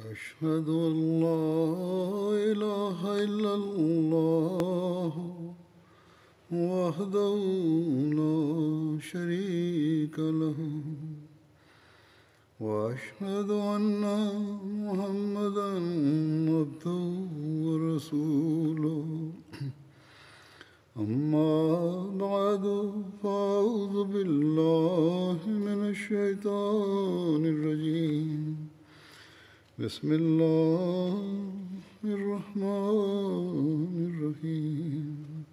أشهد أن لا إله إلا الله وحده لا شريك له وأشهد أن محمدا عبده ورسوله أما بعد فأعوذ بالله من الشيطان الرجيم بسم الله الرحمن الرحيم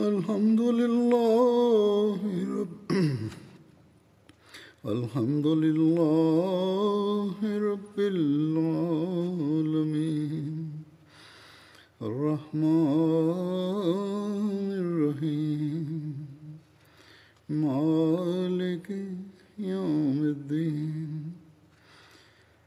الحمد لله رب الحمد لله رب العالمين الرحمن الرحيم مالك يوم الدين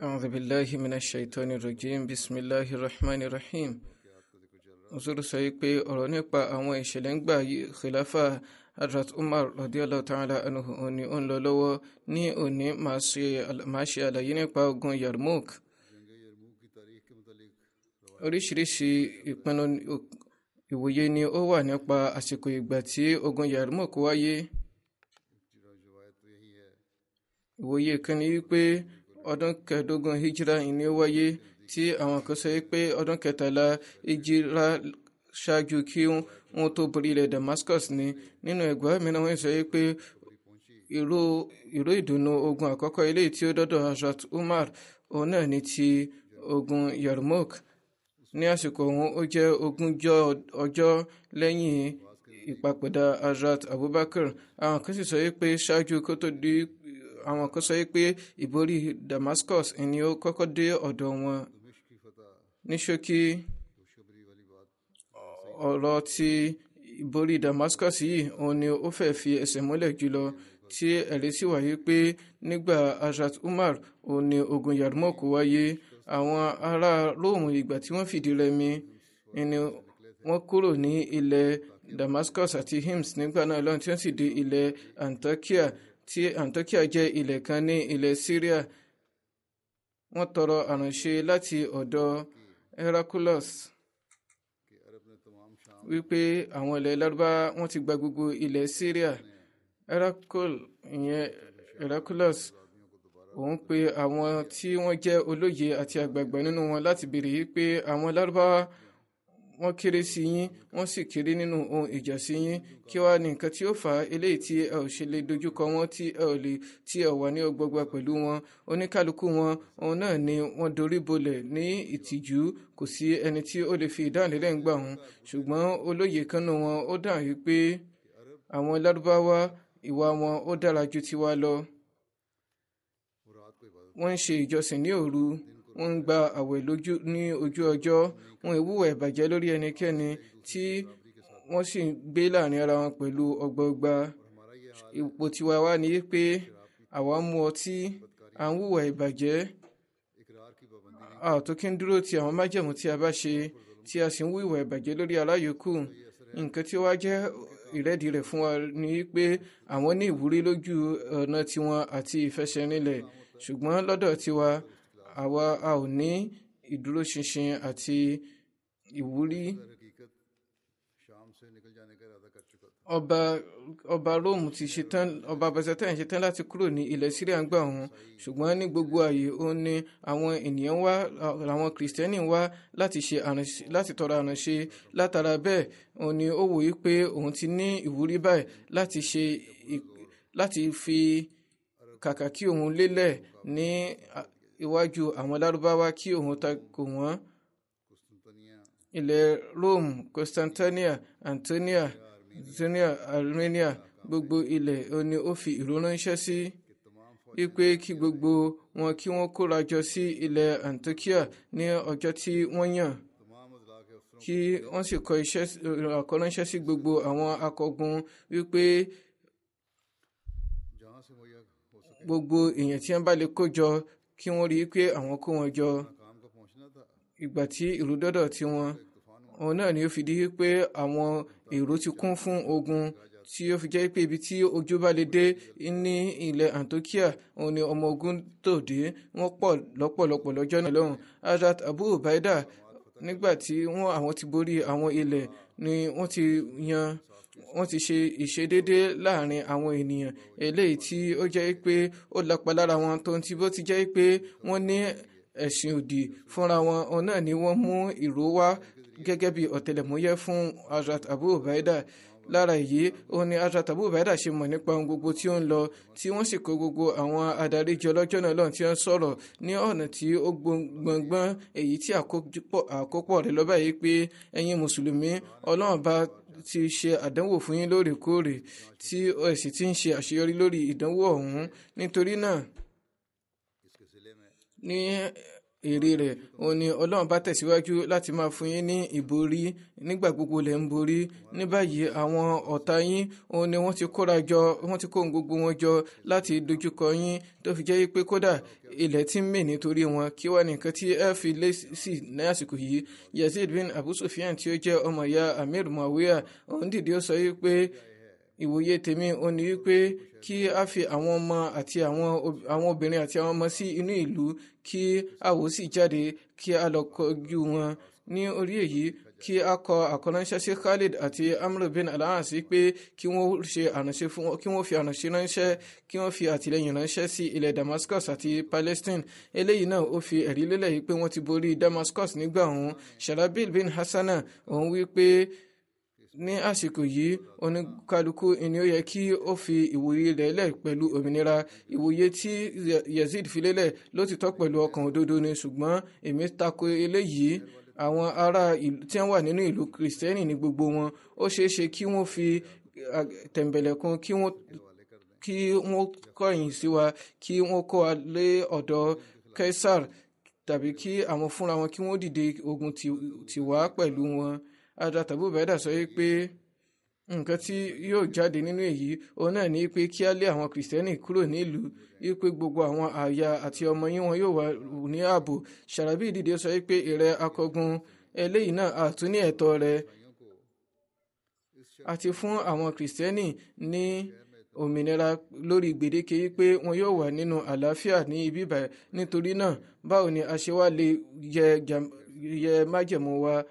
أعوذ بالله من الشيطان الرجيم بسم الله الرحمن الرحيم Uzuru sọ yìí pé ọ̀rọ̀ nípa àwọn ìṣẹ̀lẹ̀ ń gbà khilafa Hadrat Umar radiyallahu ta'ala anhu òní ń lọ lọ́wọ́ ní òní máa ṣe àlàyé nípa ogun Yarmouk. Oríṣiríṣi ìpinnu ìwòye ni ó wà nípa àsìkò ìgbà tí ogun Yarmouk wáyé. Ìwòye kan ni wípé ọdún kẹẹ̀ẹ́dógún hijira ìní wáyé tí àwọn kan sọ pé ọdún kẹtàlá hijira ṣáájú kí wọ́n tó borí ilẹ̀ Damascus ni nínú ẹ̀gbọ́n mìíràn wọ́n sọ pé ìró ìdùnnú ogun àkọ́kọ́ eléyìí tí ó dọ́dọ̀ Hazrat Umar òun náà ni ti ogun Yarmouk ní àsìkò òun ó jẹ́ ogúnjọ́ ọjọ́ lẹ́yìn ìpapòdà Hazrat Abubakar àwọn kan sì sọ pé ṣáájú kó tó di àwọn kan sọ pé ìborí Damascus ni ó kọ́kọ́ dé ọ̀dọ̀ wọn ní ṣókí ọ̀rọ̀ tí ìborí Damascus yìí òun ni ó fẹ́ fi ẹsẹ̀ múlẹ̀ jùlọ tí ẹ̀rí sì wáyé pé nígbà Hazrat Umar òun ni ogun Yarmouk wáyé àwọn ará Róòmù ìgbà tí wọ́n fìdí rẹmi ni wọ́n kúrò ní ilẹ̀ Damascus àti Hims nígbà náà lọ́n tí wọ́n sì dé ilẹ̀ Antakia tí Antakya jẹ́ ilẹ̀ kan ní ilẹ̀ Syria wọ́n tọrọ àránṣe láti ọ̀dọ̀ Heraclus wípé àwọn ilẹ̀ Lárúbá wọ́n ti gba gbogbo ilẹ̀ Syria Heracl ìyẹn Heraclus òun pe àwọn tí wọ́n jẹ́ olóye àti àgbààgbà nínú wọn láti béèrè pé àwọn Lárúbáwá wọ́n kéré sí yín wọ́n sì kéré nínú ohun ìjà sí yín kí wá ní nǹkan tí ó fà á eléyìí tí ẹ ò ṣe lè dojúkọ wọn tí ẹ ò lè tí ẹ wà ní ọgbọgba pẹ̀lú wọn oníkálukú wọn òun náà ni wọ́n dorí bolẹ̀ ní ìtìjú kò sí ẹni tí ó lè fi ìdánilẹ́ ń gbà wọn ṣùgbọ́n olóyè kanú wọn ó dà wípé àwọn lárúbáwá ìwà wọn ó dára ju tiwa lọ wọ́n ń ṣe ìjọsìn ní òru wọ́n ń gba àwẹ̀ lójú ní ojú ọjọ́ wọn ìwúwà ìbàjẹ́ lórí ẹnikẹ́ni tí wọ́n sì ń gbé láàrin ara wọn pẹ̀lú ọgbọọgba ipò tiwa wá ní pé àwa mú ọtí à ń wùwà ìbàjẹ́ àtòkí dúró ti àwọn májẹ̀mú tí a bá ṣe tí a sì ń wùwà ìbàjẹ́ lórí aláyòókù nǹkan tí ó wá jẹ́ rẹ̀ fún wa ni pé àwọn ní ìwúrí lójú ọ̀nà tiwọn àti ìfẹsẹ̀rinlẹ̀ ṣùgbọ́n lọ́dọ̀ tiwa àwa a ò ní ìdúróṣinṣin àti ìwúrí ọba ọba róòmù ti ṣetán ọba bazatan ṣetán láti kúrò ní ilẹ̀ syria ń gbà wọn ṣùgbọ́n ní gbogbo ààyè ó ní àwọn ènìyàn wá àwọn kìrìsìtẹ́nì wá láti ṣe láti tọrọ àránṣe látara bẹ́ẹ̀ òun ni ó wòye pé òun ti ní ìwúrí báyìí láti ṣe láti fi kàkà kí òun lélẹ̀ ní iwájú àwọn lárúbáwá kí òun takò wọ́n ilẹ̀ Rome Constantinia Antonia Antonia Armenia gbogbo ilẹ̀ òní ó fi ìró ránṣẹ́ sí wípé kí gbogbo wọn kí wọ́n kóra jọ sí ilẹ̀ Antokia ní ọjọ́ tí wọ́n yàn kí wọ́n sì kọ iṣẹ́ àkọ́ránṣẹ́ sí gbogbo àwọn akọgun wípé gbogbo èèyàn tí wọ́n bá lè kó jọ kí wọ́n rí i pé àwọn kó wọn jọ ìgbà tí ìlú dọ́dọ̀ tí wọn òun náà ni ó fi di pé àwọn èrò ti kún fún ogun tí ó fi jẹ́ pé ibi tí ojú bá lè dé ní ilẹ̀ Antokia òun ni ọmọ ogun tó dé wọ́n pọ̀ lọ́pọ̀lọpọ̀ lọ́jọ́ náà lọ́hùn Hazrat Abu Ubaida nígbà tí wọ́n àwọn ti borí àwọn ilẹ̀ ni wọ́n ti yan wọ́n ti ṣe ìṣedédé láàrin àwọn ènìyàn eléyìí tí ó jẹ́ pé ó lapa lára wọn tó ti bó ti jẹ́ pé wọ́n ní ẹ̀sìn òdì fúnra wọn òun náà ni wọ́n mú ìró wá gẹ́gẹ́ bí ọ̀tẹlẹ̀múyẹ́ fún Hazrat Abu Ubaida lára èyí òun ni Hazrat Abu Ubaida ṣe mọ̀ nípa ohun gbogbo tí ó ń lọ tí wọ́n sì kó gbogbo àwọn adarí jọ náà lọ́n tí ń sọ̀rọ̀ ní ọ̀nà tí ó gbọ̀ngbọ̀n èyí tí àkópọ̀ rẹ̀ lọ́ba yìí pé ẹ̀yin mùsùlùmí Ọlọ́run bá ti ṣe àdánwò fún yín lóòrèkóòrè tí ẹ sì ti ń ṣe àṣeyọrí lórí ìdánwò ọ̀hún nítorí náà ní èrè rẹ̀ òun ni ọlọ́run bá tẹ̀síwájú láti máa fún yín ní ìborí nígbà gbogbo lẹ̀ ń borí ní báyìí àwọn ọ̀tá yín òun ni wọ́n ti kóra jọ wọ́n ti kó gbogbo wọn jọ láti dojúkọ yín tó fi jẹ́ pé kódà ilẹ̀ ti ń mì nítorí wọn kí wá nìkan tí ẹ fi lé sí ní àsìkò yìí Yazid bin Abu Sufyan tí ó jẹ́ ọmọ ìyá Amir Muawiya òun dìde ó sọ pé ìwòye tèmi ò ní wípé kí a fi àwọn ọmọ àti àwọn obìnrin àti àwọn ọmọ sí inú ìlú kí a wò sì jáde kí a lọ kọjú wọn ní orí èyí kí a kọ àkọránṣẹ́ sí Khalid àti Amr bin Al-As pé kí wọ́n ṣe àránṣẹ́ fún kí wọ́n fi àránṣẹ́ ránṣẹ́ kí wọ́n fi àtìlẹ́yìn ránṣẹ́ sí ilẹ̀ Damascus àti Palestine eléyìí náà ó fi ẹ̀rí lélẹ̀ yìí pé wọ́n ti borí Damascus nígbà òun Sharabil bin Hassana òun wí pé ní àsìkò yìí oníkálukú ni ó yẹ kí ó fi ìwòye lẹ́lẹ̀ pẹ̀lú òmìnira ìwòye tí Yazid fi lélẹ̀ ló ti tọ́ pẹ̀lú ọkàn òdodo ni ṣùgbọ́n èmi tako eléyìí àwọn ará tí wọ́n wà nínú ìlú kìrìsìtẹ́nì ní gbogbo wọn ó ṣeé ṣe kí wọ́n fi tẹ̀m̀bẹ̀lẹ̀kun kí wọ́n kí wọ́n kọ̀yìn sí wa kí wọ́n kó wa ọ̀dọ̀ Caesar tàbí kí àwọn fúnra wọn kí wọ́n dìde ogun tiwa pẹ̀lú wọn àdúrà tàbí bẹ́ẹ̀dà sọ pé nǹkan tí yóò jáde nínú èyí òun náà ni pé kí á lé àwọn kìrìsìtẹ́nì kúrò nílùú wípé gbogbo àwọn àyà àti ọmọ yín wọn yóò wà ní ààbò ṣàràbí ìdìde sọ pé ìrẹ́ akọgun eléyìí náà àtún ní ẹ̀tọ́ rẹ̀ àti fún àwọn kìrìsìtẹ́nì ní òmìnira lórí gbèdéke wípé wọn yóò wà nínú àlàáfíà ní ibi báyìí nítorí náà báwo ni a ṣe wá lè yẹ májẹ̀mú wa. Ye,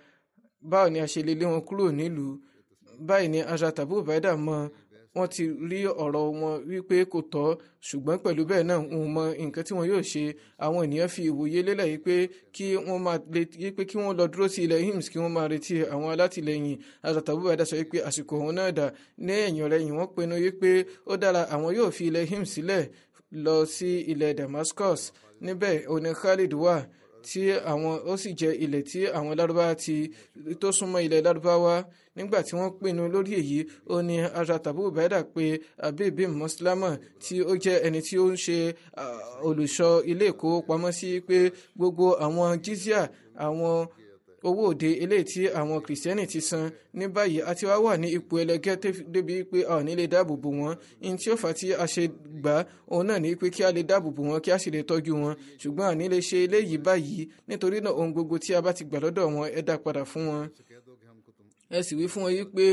báwo ni a ṣe lè lé wọn kúrò nílùú báyìí ni Hazrat Abu Ubaida mọ wọ́n ti rí ọ̀rọ̀ wọn wípé kò tọ́ ṣùgbọ́n pẹ̀lú bẹ́ẹ̀ náà wọ́n mọ nǹkan tí wọ́n yóò ṣe àwọn ènìyàn fi ìwòye lélẹ̀ yìí pé kí wọ́n máa yí pé kí wọ́n lọ dúró sí ilẹ̀ hims kí wọ́n máa retí àwọn alátìlẹyìn Hazrat sọ pé àsìkò òun náà dà ní ẹ̀yìn ọ̀rẹ́yìn wọ́n pinnu wípé ó dára àwọn yóò fi ilẹ̀ hims sílẹ̀ lọ sí ilẹ̀ Damascus níbẹ̀ òní Khalid wà tí àwọn ó sì jẹ́ ilẹ̀ tí àwọn lárúbáwá ti tó súnmọ́ ilẹ̀ lárúbáwá nígbà tí wọ́n pinnu lórí èyí ó ní ara tàbí bẹ́ẹ̀dà pé abébé mọ́sílámà tí ó jẹ́ ẹni tí ó ń ṣe olùṣọ́ ilé ìkówópamọ́sí pé gbogbo àwọn jizya àwọn owó òde eléyìí tí àwọn kìrìsìtẹ́nì ti san ní báyìí àti wá wà ní ipò ẹlẹgẹ́ débi pé a ò ní lè dáàbò bò wọ́n ní tí ó fà tí a ṣe gbà òun náà ní pé kí a lè dáàbò bò wọ́n kí a sì lè tọ́jú wọn ṣùgbọ́n a ní lè ṣe eléyìí báyìí nítorí náà ohun gbogbo tí a bá ti gbà lọ́dọ̀ wọn ẹ dá padà fún wọn ẹ sì wí fún wọn yí pé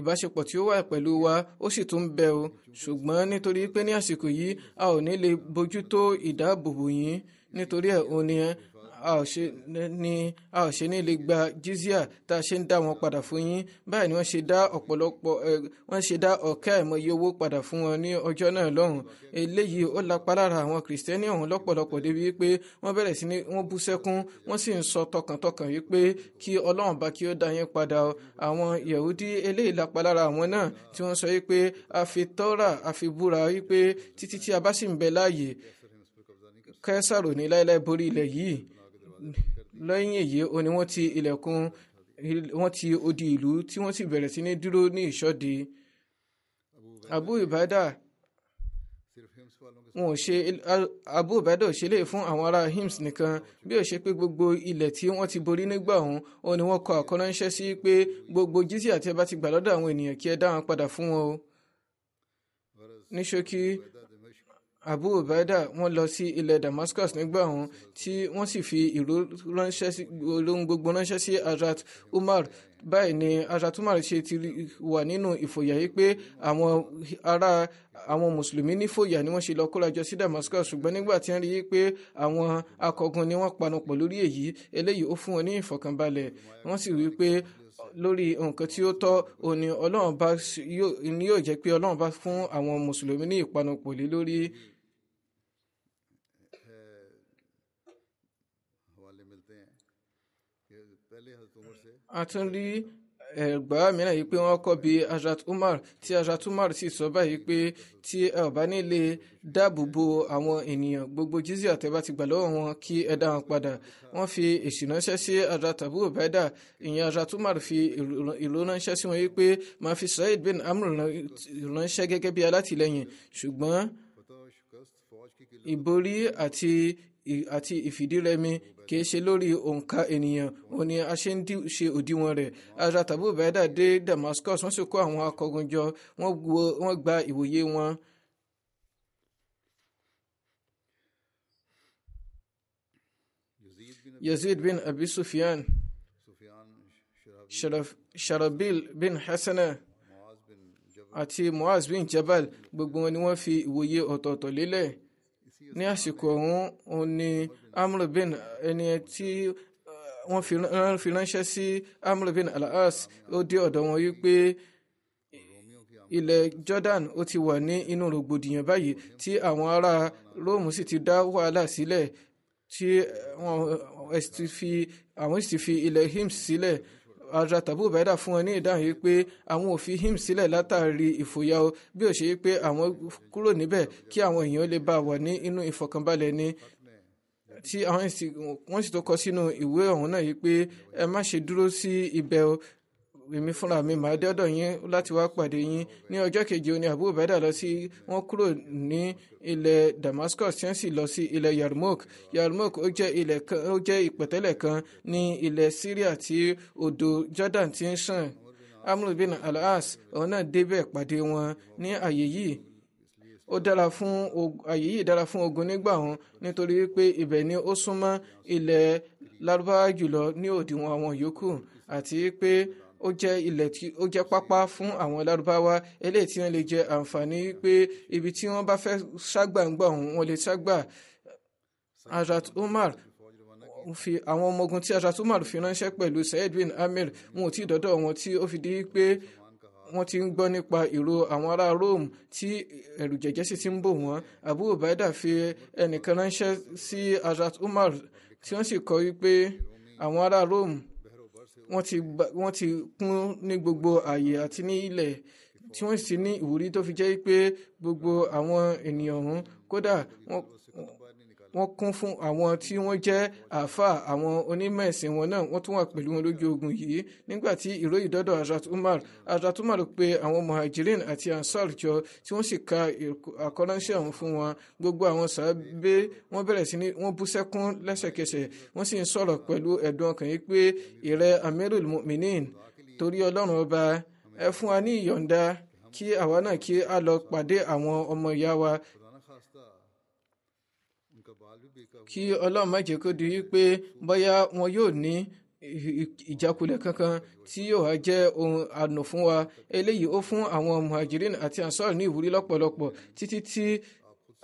ìbáṣepọ̀ tí ó wà pẹ̀lú wa ó sì tún bẹ o ṣùgbọ́n nítorí pé ní àsìkò yìí a ò ní lè bójú tó ìdáàbòbò yín nítorí ẹ̀ òun ni ẹ a ò ṣe ní lè gba jizya tá a ṣe ń dá wọn padà fún yín báyìí ni wọ́n ṣe dá ọ̀pọ̀lọpọ̀ wọ́n ṣe dá ọ̀kẹ́ àìmọye owó padà fún wọn ní ọjọ́ náà lọ́hùn eléyìí ó lapa lára àwọn kìrìsìtẹ́nì ọ̀hún lọ́pọ̀lọpọ̀ débi wípé wọ́n bẹ̀rẹ̀ sí ní wọ́n bú sẹ́kún wọ́n sì ń sọ tọkàntọkàn wípé kí ọlọ́run bá kí ó dá yín padà àwọn yahudi eléyìí lapa lára àwọn náà tí wọ́n sọ wípé a fi tọ́ra a fi búra wípé títí tí a bá sì ń bẹ láàyè kẹsàrò ní láéláé borí ilẹ̀ yìí lẹ́yìn èyí ó ní wọ́n ti ilẹ̀kùn wọ́n ti odi ìlú tí wọ́n sì bẹ̀rẹ̀ sí ní dúró ní ìṣọ́de Abu ibada wọn ò ṣe Abu ibada ò ṣe lè fún àwọn ará Hims nìkan bí ó ṣe pé gbogbo ilẹ̀ tí wọ́n ti borí nígbà ọ̀hún ó ní wọ́n kọ àkọ́ránṣẹ́ sí pé gbogbo jísí àti ẹ bá ti gbà lọ́dọ̀ àwọn ènìyàn kí ẹ dá padà fún wọn o ní ṣókí abu ubaida wọ́n lọ sí ilẹ̀ damascus nígbà wọn tí wọ́n sì fi ìró ránṣẹ́ sí olóhùn umar báyìí ni hazrat umar ṣe ti wà nínú ìfòyà yìí pé àwọn ará àwọn mùsùlùmí nífòyà ni wọ́n ṣe lọ kórajọ sí damascus ṣùgbọ́n nígbà tí wọ́n rí i pé àwọn akọgun ni wọ́n panupọ̀ lórí èyí eléyìí ó fún wọn ní ìfọ̀kànbalẹ̀ wọ́n sì wí pé lórí nǹkan tí ó tọ́ òní ọlọ́run bá yóò jẹ́ pé ọlọ́run bá fún àwọn mùsùlùmí ní ìpanupọ̀ lé lórí. a tún rí ẹgbà mìíràn yìí pé wọ́n kọ́ bí Hazrat Umar tí Hazrat Umar sì sọ báyìí pé tí ẹ ò bá nílé dáàbò bo àwọn ènìyàn gbogbo jizya àtẹ̀bá ti gbà lọ́wọ́ wọn kí ẹ dá wọn padà wọ́n fi èsì ránṣẹ́ sí Hazrat Abu Ubaida ìyẹn Hazrat Umar fi ìlú ránṣẹ́ sí wọn yìí pé màá fi Said bin Amr ránṣẹ́ gẹ́gẹ́ bí alátìlẹyìn ṣùgbọ́n ìborí àti àti ìfìdírẹmi kìí ṣe lórí òǹkà ènìyàn òun ni a ṣe ń ṣe òdiwọ̀n rẹ̀ ara tàbí bẹ́ẹ̀dà dé Damascus wọ́n sì kó àwọn akọgun jọ wọ́n gba ìwòye wọn. Yazid bin Abi Sufyan Sharabil bin Hasana àti Muaz bin Jabal gbogbo wọn ni wọ́n fi ìwòye ọ̀tọ̀ọ̀tọ̀ lélẹ̀ ní àsìkò ọ̀hún òun ni amr bin eh, ẹni tí eh, wọ́n fi ránṣẹ́ sí amr bin al-as ó dé ọ̀dọ̀ wọn wípé ilẹ̀ Jordan ó ti wà ní inú rògbòdìyàn báyìí tí àwọn ará Róòmù sì ti dá wàhálà sílẹ̀ tí eh, wọ́n sì ti fi ilẹ̀ Hims sílẹ̀. Si Hazrat Abu Ubaida fún wọn ní ìdáhùn yìí pé àwọn ò fi him sílẹ̀ látàrí ìfòyà o bí ó ṣe yí pé àwọn kúrò níbẹ̀ kí àwọn èèyàn lè bá wà ní inú ìfọ̀kànbalẹ̀ ni tí àwọn wọ́n sì tó kọ sínú ìwé ọ̀hún náà yìí pé ẹ má ṣe dúró sí ibẹ̀ o èmi fúnra mi máa dọ́dọ̀ yín láti wá pàdé yín ní ọjọ́ keje ó ní Abu Ubaida lọ sí wọ́n kúrò ní ilẹ̀ Damascus tí wọ́n sì lọ sí ilẹ̀ Yarmouk Yarmouk ó jẹ́ ilẹ̀ kan ó jẹ́ ìpẹ̀tẹ́lẹ̀ kan ní ilẹ̀ Syria tí odò Jordan ti ń sàn Amr bin al-As òun náà débẹ̀ pàdé wọn ní àyè yìí ó dára fún àyè yìí dára fún ogun nígbà wọn nítorí pé ibẹ̀ ni ó súnmọ́ ilẹ̀ Lárúbáwá jùlọ ní òdiwọ̀n àwọn yòókù àti pé ó jẹ́ ilẹ̀ tí ó jẹ́ pápá fún àwọn lárúbáwá eléyìí tí wọ́n lè jẹ àǹfààní wípé ibi tí wọ́n bá fẹ́ ságbà ń gbà òun wọ́n lè ságbà Hazrat Umar fi àwọn ọmọ ogun tí Hazrat Umar fi ránṣẹ́ pẹ̀lú Said bin Amir wọn ò tí dọ́dọ̀ wọn tí ó fi di pé wọ́n ti ń gbọ́ nípa ìró àwọn ará Rome tí ẹ̀rù jẹ̀jẹ̀ sì ti ń bò wọ́n Abu Ubaida fi ẹnìkan ránṣẹ́ sí Hazrat Umar tí wọ́n sì kọ wípé àwọn ará Rome wọ́n ti kún ní gbogbo ààyè àti ní ilẹ̀ tí wọ́n sì ní ìwúrí tó fi jẹ́ pé gbogbo àwọn ènìyàn ọ̀hún kódà wọ́n kún fún àwọn tí wọ́n jẹ́ àáfàá àwọn onímọ̀ ẹ̀sìn wọn náà wọ́n tún wà pẹ̀lú wọn lójú ogun yìí nígbà tí ìró ìdọ́dọ̀ Hazrat Umar Hazrat Umar pè àwọn muhajirin àti ansar jọ tí wọ́n sì ka àkọ́ránṣẹ́ ọ̀hún fún wọn gbogbo àwọn sàábé wọ́n bẹ̀rẹ̀ sí ní wọ́n bú sẹ́kún lẹ́sẹ̀kẹsẹ̀ wọ́n sì ń sọ̀rọ̀ pẹ̀lú ẹ̀dùn ọkàn yìí pé ìrẹ amirul mu'minin torí ọlọ́run ọba ẹ fún wa ní ìyọ̀ǹda kí àwa náà kí a lọ pàdé àwọn ọmọ ìyá wa kí ọlọ́run má jẹ́ kó di wípé bóyá wọn yóò ní ìjákulẹ̀ kankan tí yóò wá jẹ́ ohun àánú fún wa eléyìí ó fún àwọn muhajirin àti ansar ní ìwúrí lọ́pọ̀lọpọ̀ títí tí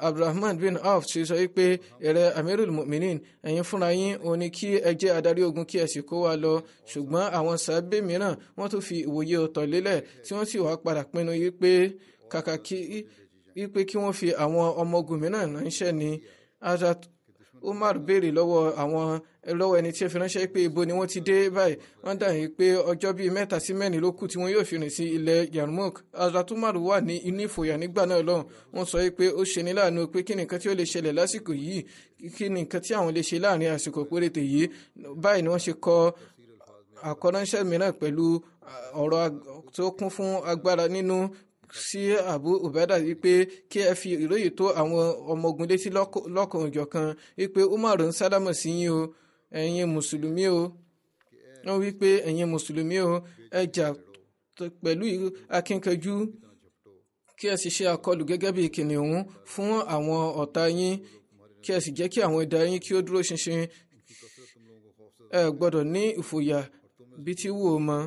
abdulrahman bin auf ṣe sọ pé ẹ̀rẹ̀ amirul mu'minin ẹ̀yin fúnra yín òun ni kí ẹ jẹ́ adarí ogun kí ẹ sì kó wa lọ ṣùgbọ́n àwọn sàábé mìíràn wọ́n tún fi ìwòye ọ̀tọ̀ lélẹ̀ tí wọ́n sì wá padà pinnu yí kàkà kí wípé kí wọ́n fi àwọn ọmọ ogun mìíràn ránṣẹ́ ni Umar béèrè lọ́wọ́ àwọn lọ́wọ́ ẹni tí ẹ fi ránṣẹ́ pé ibo ni wọ́n ti dé báyìí wọ́n dà yín pé ọjọ́ bíi mẹ́ta sí mẹ́rin ló kù tí wọ́n yóò fi rìn sí ilẹ̀ Yarmouk Hazrat Umar wà ní inú ìfòyà nígbà náà lọ́hùn wọ́n sọ pé ó ṣe ní láàánú pé kí nìkan tí ó lè ṣẹlẹ̀ lásìkò yìí kí nìkan tí àwọn lè ṣe láàrin àsìkò péréte yìí báyìí ni wọ́n ṣe kọ àkọ́ránṣẹ́ mìíràn pẹ̀lú ọ̀rọ̀ tó kún fún agbára nínú sí Abu Ubaida wípé kí ẹ fi ìròyìn tó àwọn ọmọ ogun létí lọ́kàn òjọ̀kan wípé Umar ń sálámọ̀ sí yín o ẹ̀yin mùsùlùmí o wọ́n wípé ẹ̀yin mùsùlùmí o ẹ jà pẹ̀lú akínkanjú kí ẹ sì ṣe àkọlù gẹ́gẹ́ bí kìnìún fún àwọn ọ̀tá yín kí ẹ sì jẹ́ kí àwọn ẹ̀dá yín kí ó dúró ṣinṣin ẹ gbọ́dọ̀ ní ìfòyà bí tí wù ó mọ́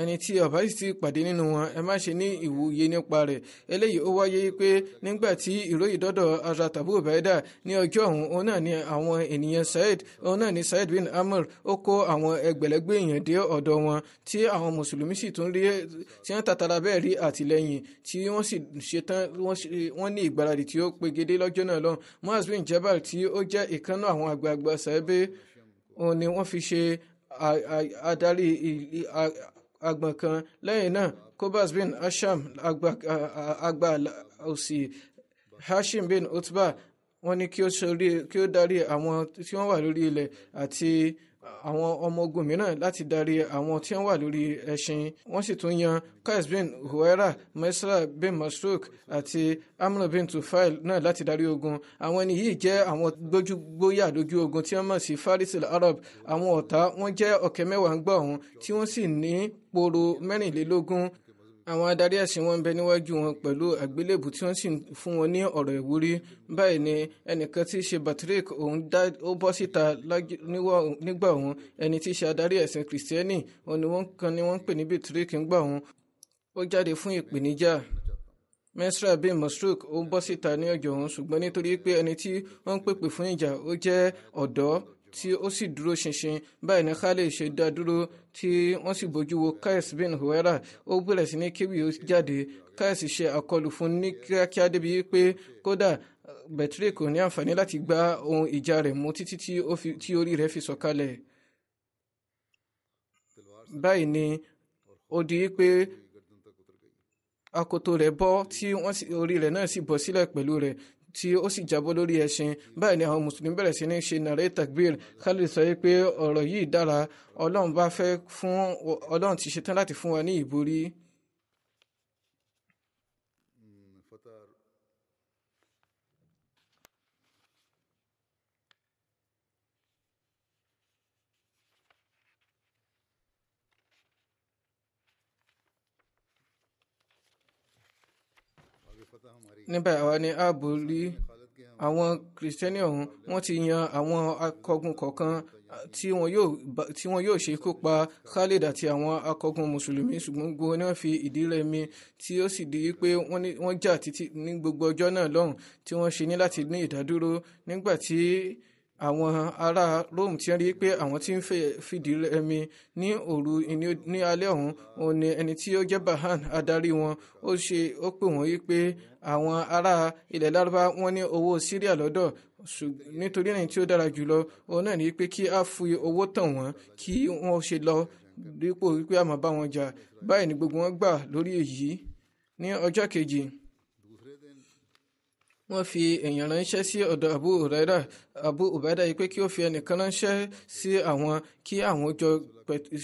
ẹni tí ọba yìí ti pàdé nínú wọn ẹ má ṣe ní ìwúye nípa rẹ̀ eléyìí ó wáyé pé nígbà tí ìròyìn dọ́dọ̀ ara tàbí òbẹ́dà ní ọjọ́ ọ̀hún òun náà ni àwọn ènìyàn saheed òun náà ni saheed bin amr ó kó àwọn ẹgbẹ̀lẹ́gbẹ̀ èèyàn dé ọ̀dọ̀ wọn tí àwọn mùsùlùmí sì tún rí tí wọ́n tàtàrà bẹ́ẹ̀ rí àtìlẹ́yìn tí wọ́n sì ṣetán wọ́n ní ìgbáradì tí ó pegedé lọ́jọ́ náà lọ́hùn muaz bin jabal tí ó jẹ́ ìkànnà àwọn àgbààgbà sahebe òun ni wọ́n fi ṣe adarí àgbọ̀n kan lẹ́yìn náà Qubas bin Asham àgbà òsì Hashim bin Utba wọ́n ní kí ó darí àwọn tí wọ́n wà lórí ilẹ̀ àti àwọn ọmọ ogun mìíràn láti darí àwọn tí wọ́n wà lórí ẹṣin wọ́n sì tún yan Qais bin Huwaira Mesra bin Masruk àti Amr bin Tufail náà láti darí ogun àwọn ẹni yìí jẹ́ àwọn gbójúgbóyà lójú ogun tí wọ́n mọ̀ sí farisil arab àwọn ọ̀tá wọ́n jẹ́ ọ̀kẹ́ mẹ́wàá ń gbọ́ ọ̀hún tí wọ́n sì ní poro mẹ́rìnlélógún àwọn adarí ẹ̀sìn wọn ń bẹ níwájú wọn pẹ̀lú àgbélébù tí wọ́n sì fún wọn ní ọ̀rọ̀ ìwúrí báyìí ni ẹnìkan tí í ṣe Patrick òun dá ó bọ́ síta nígbà òun ẹni tí í ṣe adarí ẹ̀sìn kìrìsìtẹ́nì òun ni wọ́n kan ni wọ́n ń pè ní Patrick ńgbà òun ó jáde fún ìpèníjà mesra bin Masruk ó bọ́ síta ní ọjọ́ òun ṣùgbọ́n nítorí pé ẹni tí wọ́n ń pèpè fún ìjà ó jẹ́ ọ̀dọ́ tí ó sì dúró ṣinṣin báyìí ni Khalid ṣe dá dúró tí wọ́n sì bójú wo Kais bin Huwaira ó bẹ̀rẹ̀ sí ní kéwì ó jáde Kais ṣe àkọlù fún ní kíákíá débi pé kódà bẹ̀tírì kò ní àǹfààní láti gba ohun ìjà rẹ̀ mú títí tí orí rẹ̀ fi sọ̀kalẹ̀ báyìí ni ó di pé akoto rẹ̀ bọ́ tí orí rẹ̀ náà sì bọ́ sílẹ̀ pẹ̀lú rẹ̀ tí ó sì jábọ́ lórí ẹṣin báyìí ni àwọn mùsùlùmí bẹ̀rẹ̀ sí ní ṣe nàrẹ́ takbir Khalid sọ pé ọ̀rọ̀ yìí dára ọlọ́run bá fẹ́ fún ọlọ́run ti ṣetán láti fún wa ní ìborí. níbẹ̀ àwa ni ààbò rí àwọn kìrìsìtẹ́nì ọ̀hún wọ́n ti yan àwọn akọgun kọ̀ọ̀kan tí wọn yóò ṣe kó pa Khalid àti àwọn akọgun mùsùlùmí ṣùgbọ́n gbogbo náà fi ìdí rẹmi tí ó sì di pé wọ́n jà títí ní gbogbo ọjọ́ náà lọ́hùn tí wọ́n ṣe ní láti ní ìdádúró nígbà tí àwọn ará Rome tí rí pé àwọn tí ń fìdí rẹmi ní òru ní alẹ́ ọ̀hún òun ni ẹni tí ó jẹ́ Bahan adarí wọn ó ṣe ó pè wọ́n wípé àwọn ará ilẹ̀ lárúbá wọn ní owó Syria lọ́dọ̀ nítorí ẹni tí ó dára jùlọ òun náà ní pé kí a fi owó tàn wọ́n kí wọ́n ṣe lọ dípò wípé a máa bá wọn jà báyìí ni gbogbo wọn gbà lórí èyí ní ọjọ́ kejì wọ́n fi èèyàn ránṣẹ́ sí ọ̀dọ̀ Abu Ubaida Abu Ubaida yìí pé kí ó fi ẹnìkan ránṣẹ́ sí àwọn kí àwọn jọ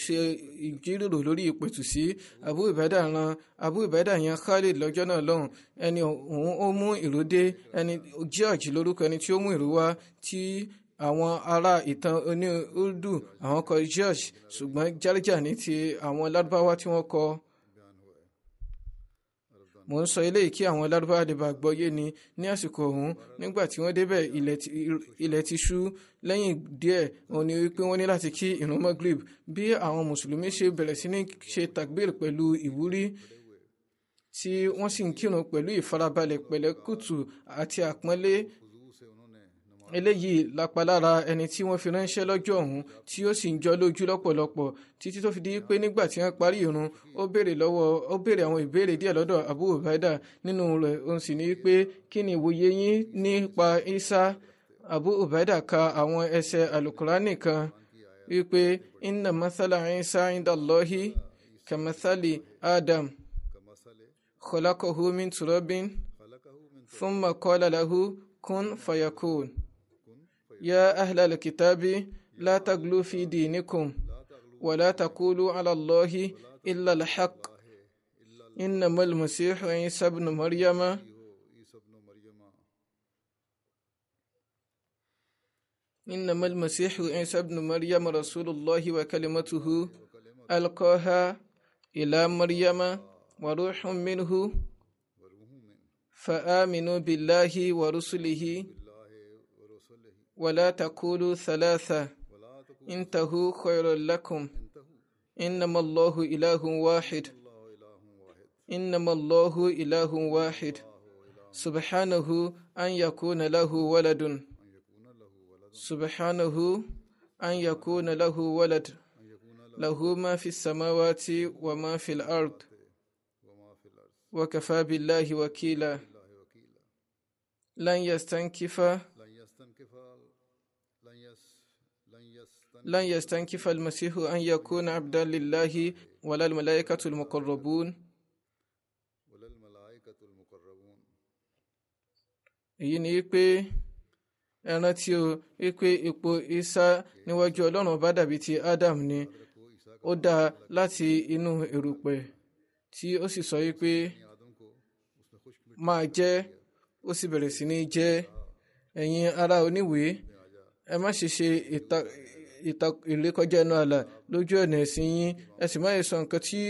ṣe ìjíròrò lórí ìpẹ̀tù sí Abu Ubaida ran Abu Ubaida yan Khalid lọ́jọ́ náà lọ́hùn ẹni òun ó mú ìró dé ẹni George lórúkọ ẹni tí ó mú ìró wá tí àwọn ará ìtàn oní urdu àwọn kọ George ṣùgbọ́n jálíjà ní ti àwọn ládùbáwá tí wọ́n kọ́ mò ń sọ eléyìí kí àwọn lárúbáwá lè bá gbọ́yé ni ní àsìkò ọ̀hún nígbà tí wọ́n débẹ̀ ilẹ̀ ti ṣú lẹ́yìn díẹ̀ òun ni wípé wọ́n ní láti kí ìrun magrib bí àwọn mùsùlùmí ṣe bẹ̀rẹ̀ sí ní ṣe takbir pẹ̀lú ìwúrí tí wọ́n sì ń kírun pẹ̀lú ìfarabalẹ̀ pẹ̀lẹ́kùtù àti àpọ́nlé eléyìí lápalára ẹni tí wọ́n fi ránṣẹ́ lọ́jọ́ ọ̀hún tí ó sì ń jọ lójú lọ́pọ̀lọpọ̀ títí tó fi di pé nígbà tí wọ́n parí irun ó béèrè lọ́wọ́ ó béèrè àwọn ìbéèrè díẹ̀ lọ́dọ̀ Abu Ubaida nínú rẹ̀ òun sì ní pé kí ni ìwòye yín nípa Isa Abu Ubaida ka àwọn ẹsẹ̀ alukurani kan wípé inna masala Isa indallahi kamasali Adam khalaqahu min turabin thumma qala lahu kun fayakun. يا أهل الكتاب لا تغلوا في دينكم ولا تقولوا على الله إلا الحق إنما المسيح عيسى ابن مريم إنما المسيح عيسى ابن مريم رسول الله وكلمته ألقاها إلى مريم وروح منه فآمنوا بالله ورسله ولا تقولوا ثلاثة انتهوا خير لكم إنما الله إله واحد إنما الله إله واحد سبحانه أن يكون له ولد سبحانه أن يكون له ولد له ما في السماوات وما في الأرض وكفى بالله وكيلا لن يستنكف لن يستنكف المسيح أن يكون عبدا لله ولا الملائكة المقربون ولا الملائكة المقربون èyí ni pé ẹ rántí o pé ipò isa níwájú ọlọ́run bá dàbí ti adam ni ó dá láti inú erùpẹ̀ tí ó sì sọ pé máa jẹ ó sì bẹ̀rẹ̀ sí ní jẹ ẹ̀yin ará oníwèé ẹ má ṣe ṣe ìlékọjá ẹnu àlà lójú ọ̀nà ẹ̀sìn yín ẹ sì má yẹ sọ nǹkan tí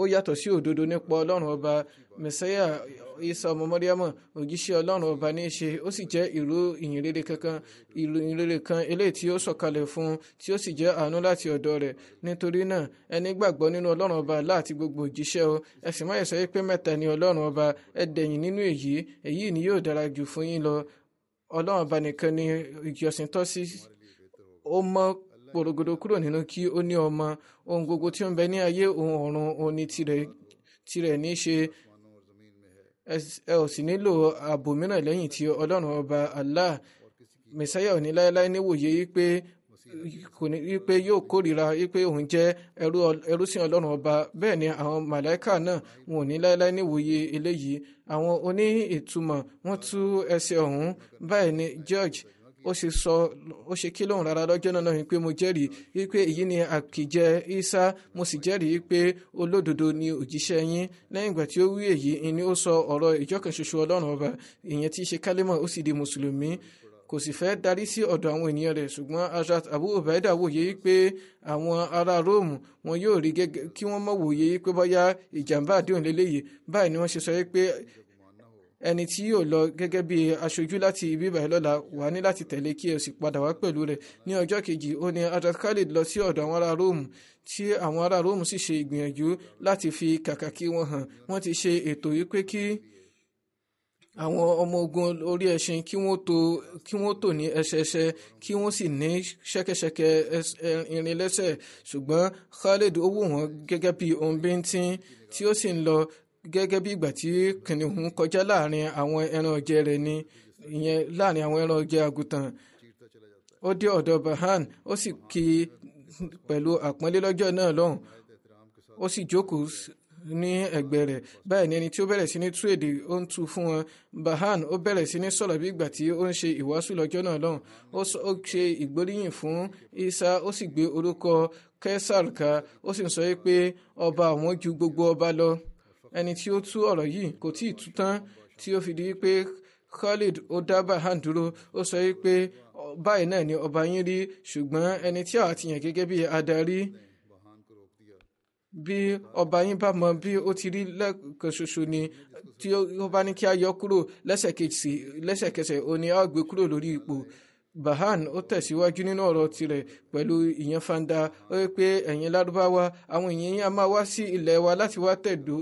ó yàtọ̀ sí òdodo nípa ọlọ́run ọba mẹsẹ́yà isa ọmọ mọ́ríámọ̀ òjíṣẹ́ ọlọ́run ọba ní í ṣe ó sì jẹ́ ìlú ìyìnrere kankan ìlú ìyìnrere kan eléyìí tí ó sọ̀kalẹ̀ fún un tí ó sì jẹ́ àánú láti ọ̀dọ̀ rẹ̀ nítorí náà ẹni gbàgbọ́ nínú ọlọ́run ọba láti gbogbo òjíṣẹ́ o ẹ sì má yẹ sọ pé mẹ́ta ni ọlọ́run ọba ẹ dẹ̀yìn nínú èyí èyí ni yóò dára jù fún yín lọ ọlọ́run ọba nìkan ni ìjọsìn tọ́ sí ó mọ́ pòrògòdò kúrò nínú kí ó ní ọmọ ohun gbogbo tí ó ń bẹ ní ayé ohun ọ̀run òun ni tirẹ̀ ní ṣe ẹ ò sì nílò ààbò mìíràn lẹ́yìn tí ọlọ́run ọba Allah mẹsáyà òní láéláé níwòye wípé wípé yóò kórìíra wípé òun jẹ́ ẹrú sí ọlọ́run ọba bẹ́ẹ̀ ni àwọn màláíkà náà wọn ò ní láéláé níwòye eléyìí àwọn oní ìtumọ̀ wọ́n tú ẹsẹ̀ ọ̀hún báyìí ni George ó ṣe sọ ó ṣe kí lóhùn rárá lọ́jọ́ náà náà pé mo jẹ́rìí wípé èyí ni àkìjẹ Ìsá mo sì jẹ́rìí pé olódodo ni òjíṣẹ́ yín lẹ́yìn ìgbà tí ó wí èyí ni ó sọ ọ̀rọ̀ ìjọkan ṣoṣo ọlọ́run ọba ìyẹn tí í ṣe kálímọ̀ ó sì di mùsùlùmí kò sì fẹ́ darí sí ọ̀dọ̀ àwọn ènìyàn rẹ̀ ṣùgbọ́n Hazrat Abu Ubaida wòye pé àwọn ará Róòmù wọn yóò rí gẹ́gẹ́ kí wọ́n mọ̀ wòye pé bóyá ìjàmbá àdéhùn lélẹ́yìí báyìí ni wọ́n ṣe sọ pé ẹni tí yóò lọ gẹ́gẹ́ bí aṣojú láti ibi ìbàyẹ̀ lọ́la wà ní láti tẹ̀lé kí ẹ sì padà wá pẹ̀lú rẹ̀ ní ọjọ́ kejì ó ní Hazrat Khalid lọ sí ọ̀dọ̀ àwọn ará Róòmù tí àwọn ará Róòmù sì ṣe ìgbìyànjú láti fi kàkàkí wọn hàn wọ́n ti ṣe ètò yìí pé kí àwọn ọmọ ogun orí ẹṣin kí wọ́n tò ní ẹsẹẹsẹ kí wọ́n sì ní ṣẹ́kẹ́ṣẹkẹ̀ irin lẹ́sẹ̀ ṣùgbọ́n Khalid ó wò wọ́n gẹ́gẹ́ bí ohun bíntín tí ó sì ń lọ gẹ́gẹ́ bí ìgbà tí kìnìún kọjá láàrin àwọn ẹran ọ̀jẹ̀ rẹ̀ ni ìyẹn láàrin àwọn ẹran ọ̀jẹ̀ àgùntàn ó dé ọ̀dọ̀ bahan ó sì kí pẹ̀lú àpọ́nlé lọ́jọ́ náà lọ́hùn ó sì jókòó ní ẹ̀gbẹ́ rẹ̀ báyìí ni ẹni tí ó bẹ̀rẹ̀ sí ní tú èdè ó ń tu fún wọn bahan ó bẹ̀rẹ̀ sí ní sọ̀rọ̀ bí ìgbà tí ó ń ṣe ìwàásù lọ́jọ́ náà lọ́hùn ó ṣe ìgbóríyìn fún isa ó sì gbé orúkọ kẹsàrìkà ó sì ń sọ pé ọba àwọn ju gbogbo ọba lọ ẹni tí ó tú ọ̀rọ̀ yìí kò tí ì tú tí ó fi di wípé Khalid ó dá Bahan dúró ó sọ wípé báyìí náà ni ọba yín rí ṣùgbọ́n ẹni tí àwa ti yàn gẹ́gẹ́ bí adarí bí ọba yín bá mọ bí ó ti rí lẹ́ẹ̀kan ṣoṣo ni tí ó bá ní kí a yọ kúrò lẹ́sẹ̀kẹsẹ̀ ó a gbé kúrò lórí ipò Bahan ó tẹ̀síwájú nínú ọ̀rọ̀ tirẹ̀ pẹ̀lú ìyẹnfanda ó rí pé ẹ̀yin lárúbáwá àwọn èèyàn yín a máa wá sí ilẹ̀ wa láti wá tẹ̀dó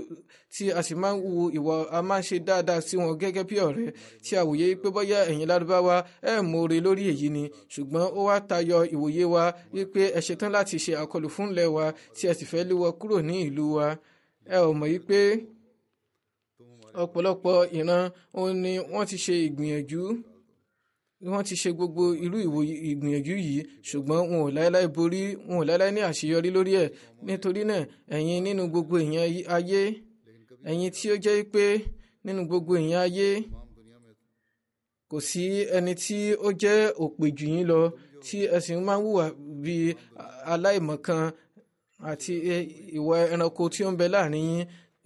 tí a sì máa ń wo ìwà a máa ń ṣe dáadáa sí wọn gẹ́gẹ́ bí ọ̀rẹ́ tí a wòye pé bóyá ẹ̀yin lárúbáwá ẹ̀ mòore lórí èyí ni ṣùgbọ́n ó wá tayọ ìwòye wa wípé ẹ ṣetán láti ṣe àkọlù fún ilẹ̀ wa tí ẹ sì fẹ́ lé wọn kúrò ní ìlú wa ẹ ò mọ̀ ìran òun ni wọ́n ti ṣe ìgbìyànjú wọ́n ti ṣe gbogbo irú ìgbìyànjú yìí ṣùgbọ́n wọn ò láéláé borí wọn ò láéláé ní àṣeyọrí lórí ẹ̀ nítorí náà ẹ̀yin nínú gbogbo èèyàn ayé ẹ̀yin tí ó jẹ́ pé nínú gbogbo èèyàn ayé kò sí ẹni tí ó jẹ́ òpè jù yín lọ tí ẹ̀sìn máa ń wùwà bí aláìmọ̀kan àti ìwà ẹranko tí ó ń bẹ láàrin yín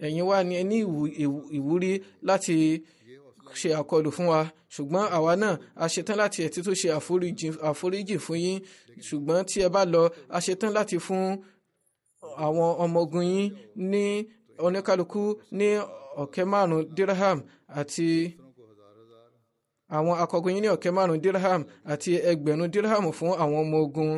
ẹ̀yin wá ní ìwúrí láti ṣe àkọlù fún wa ṣùgbọ́n àwa náà a ṣetán láti ẹ̀ títún ṣe àforíjì fún yín ṣùgbọ́n tí ẹ bá lọ a ṣetán láti fún àwọn ọmọ yín ní oníkálukú ní ọ̀kẹ́ márùn-ún dirham àti àwọn akọgun yín ní ọ̀kẹ́ márùn-ún dirham àti ẹgbẹ̀rún dirham fún àwọn ọmọ ogun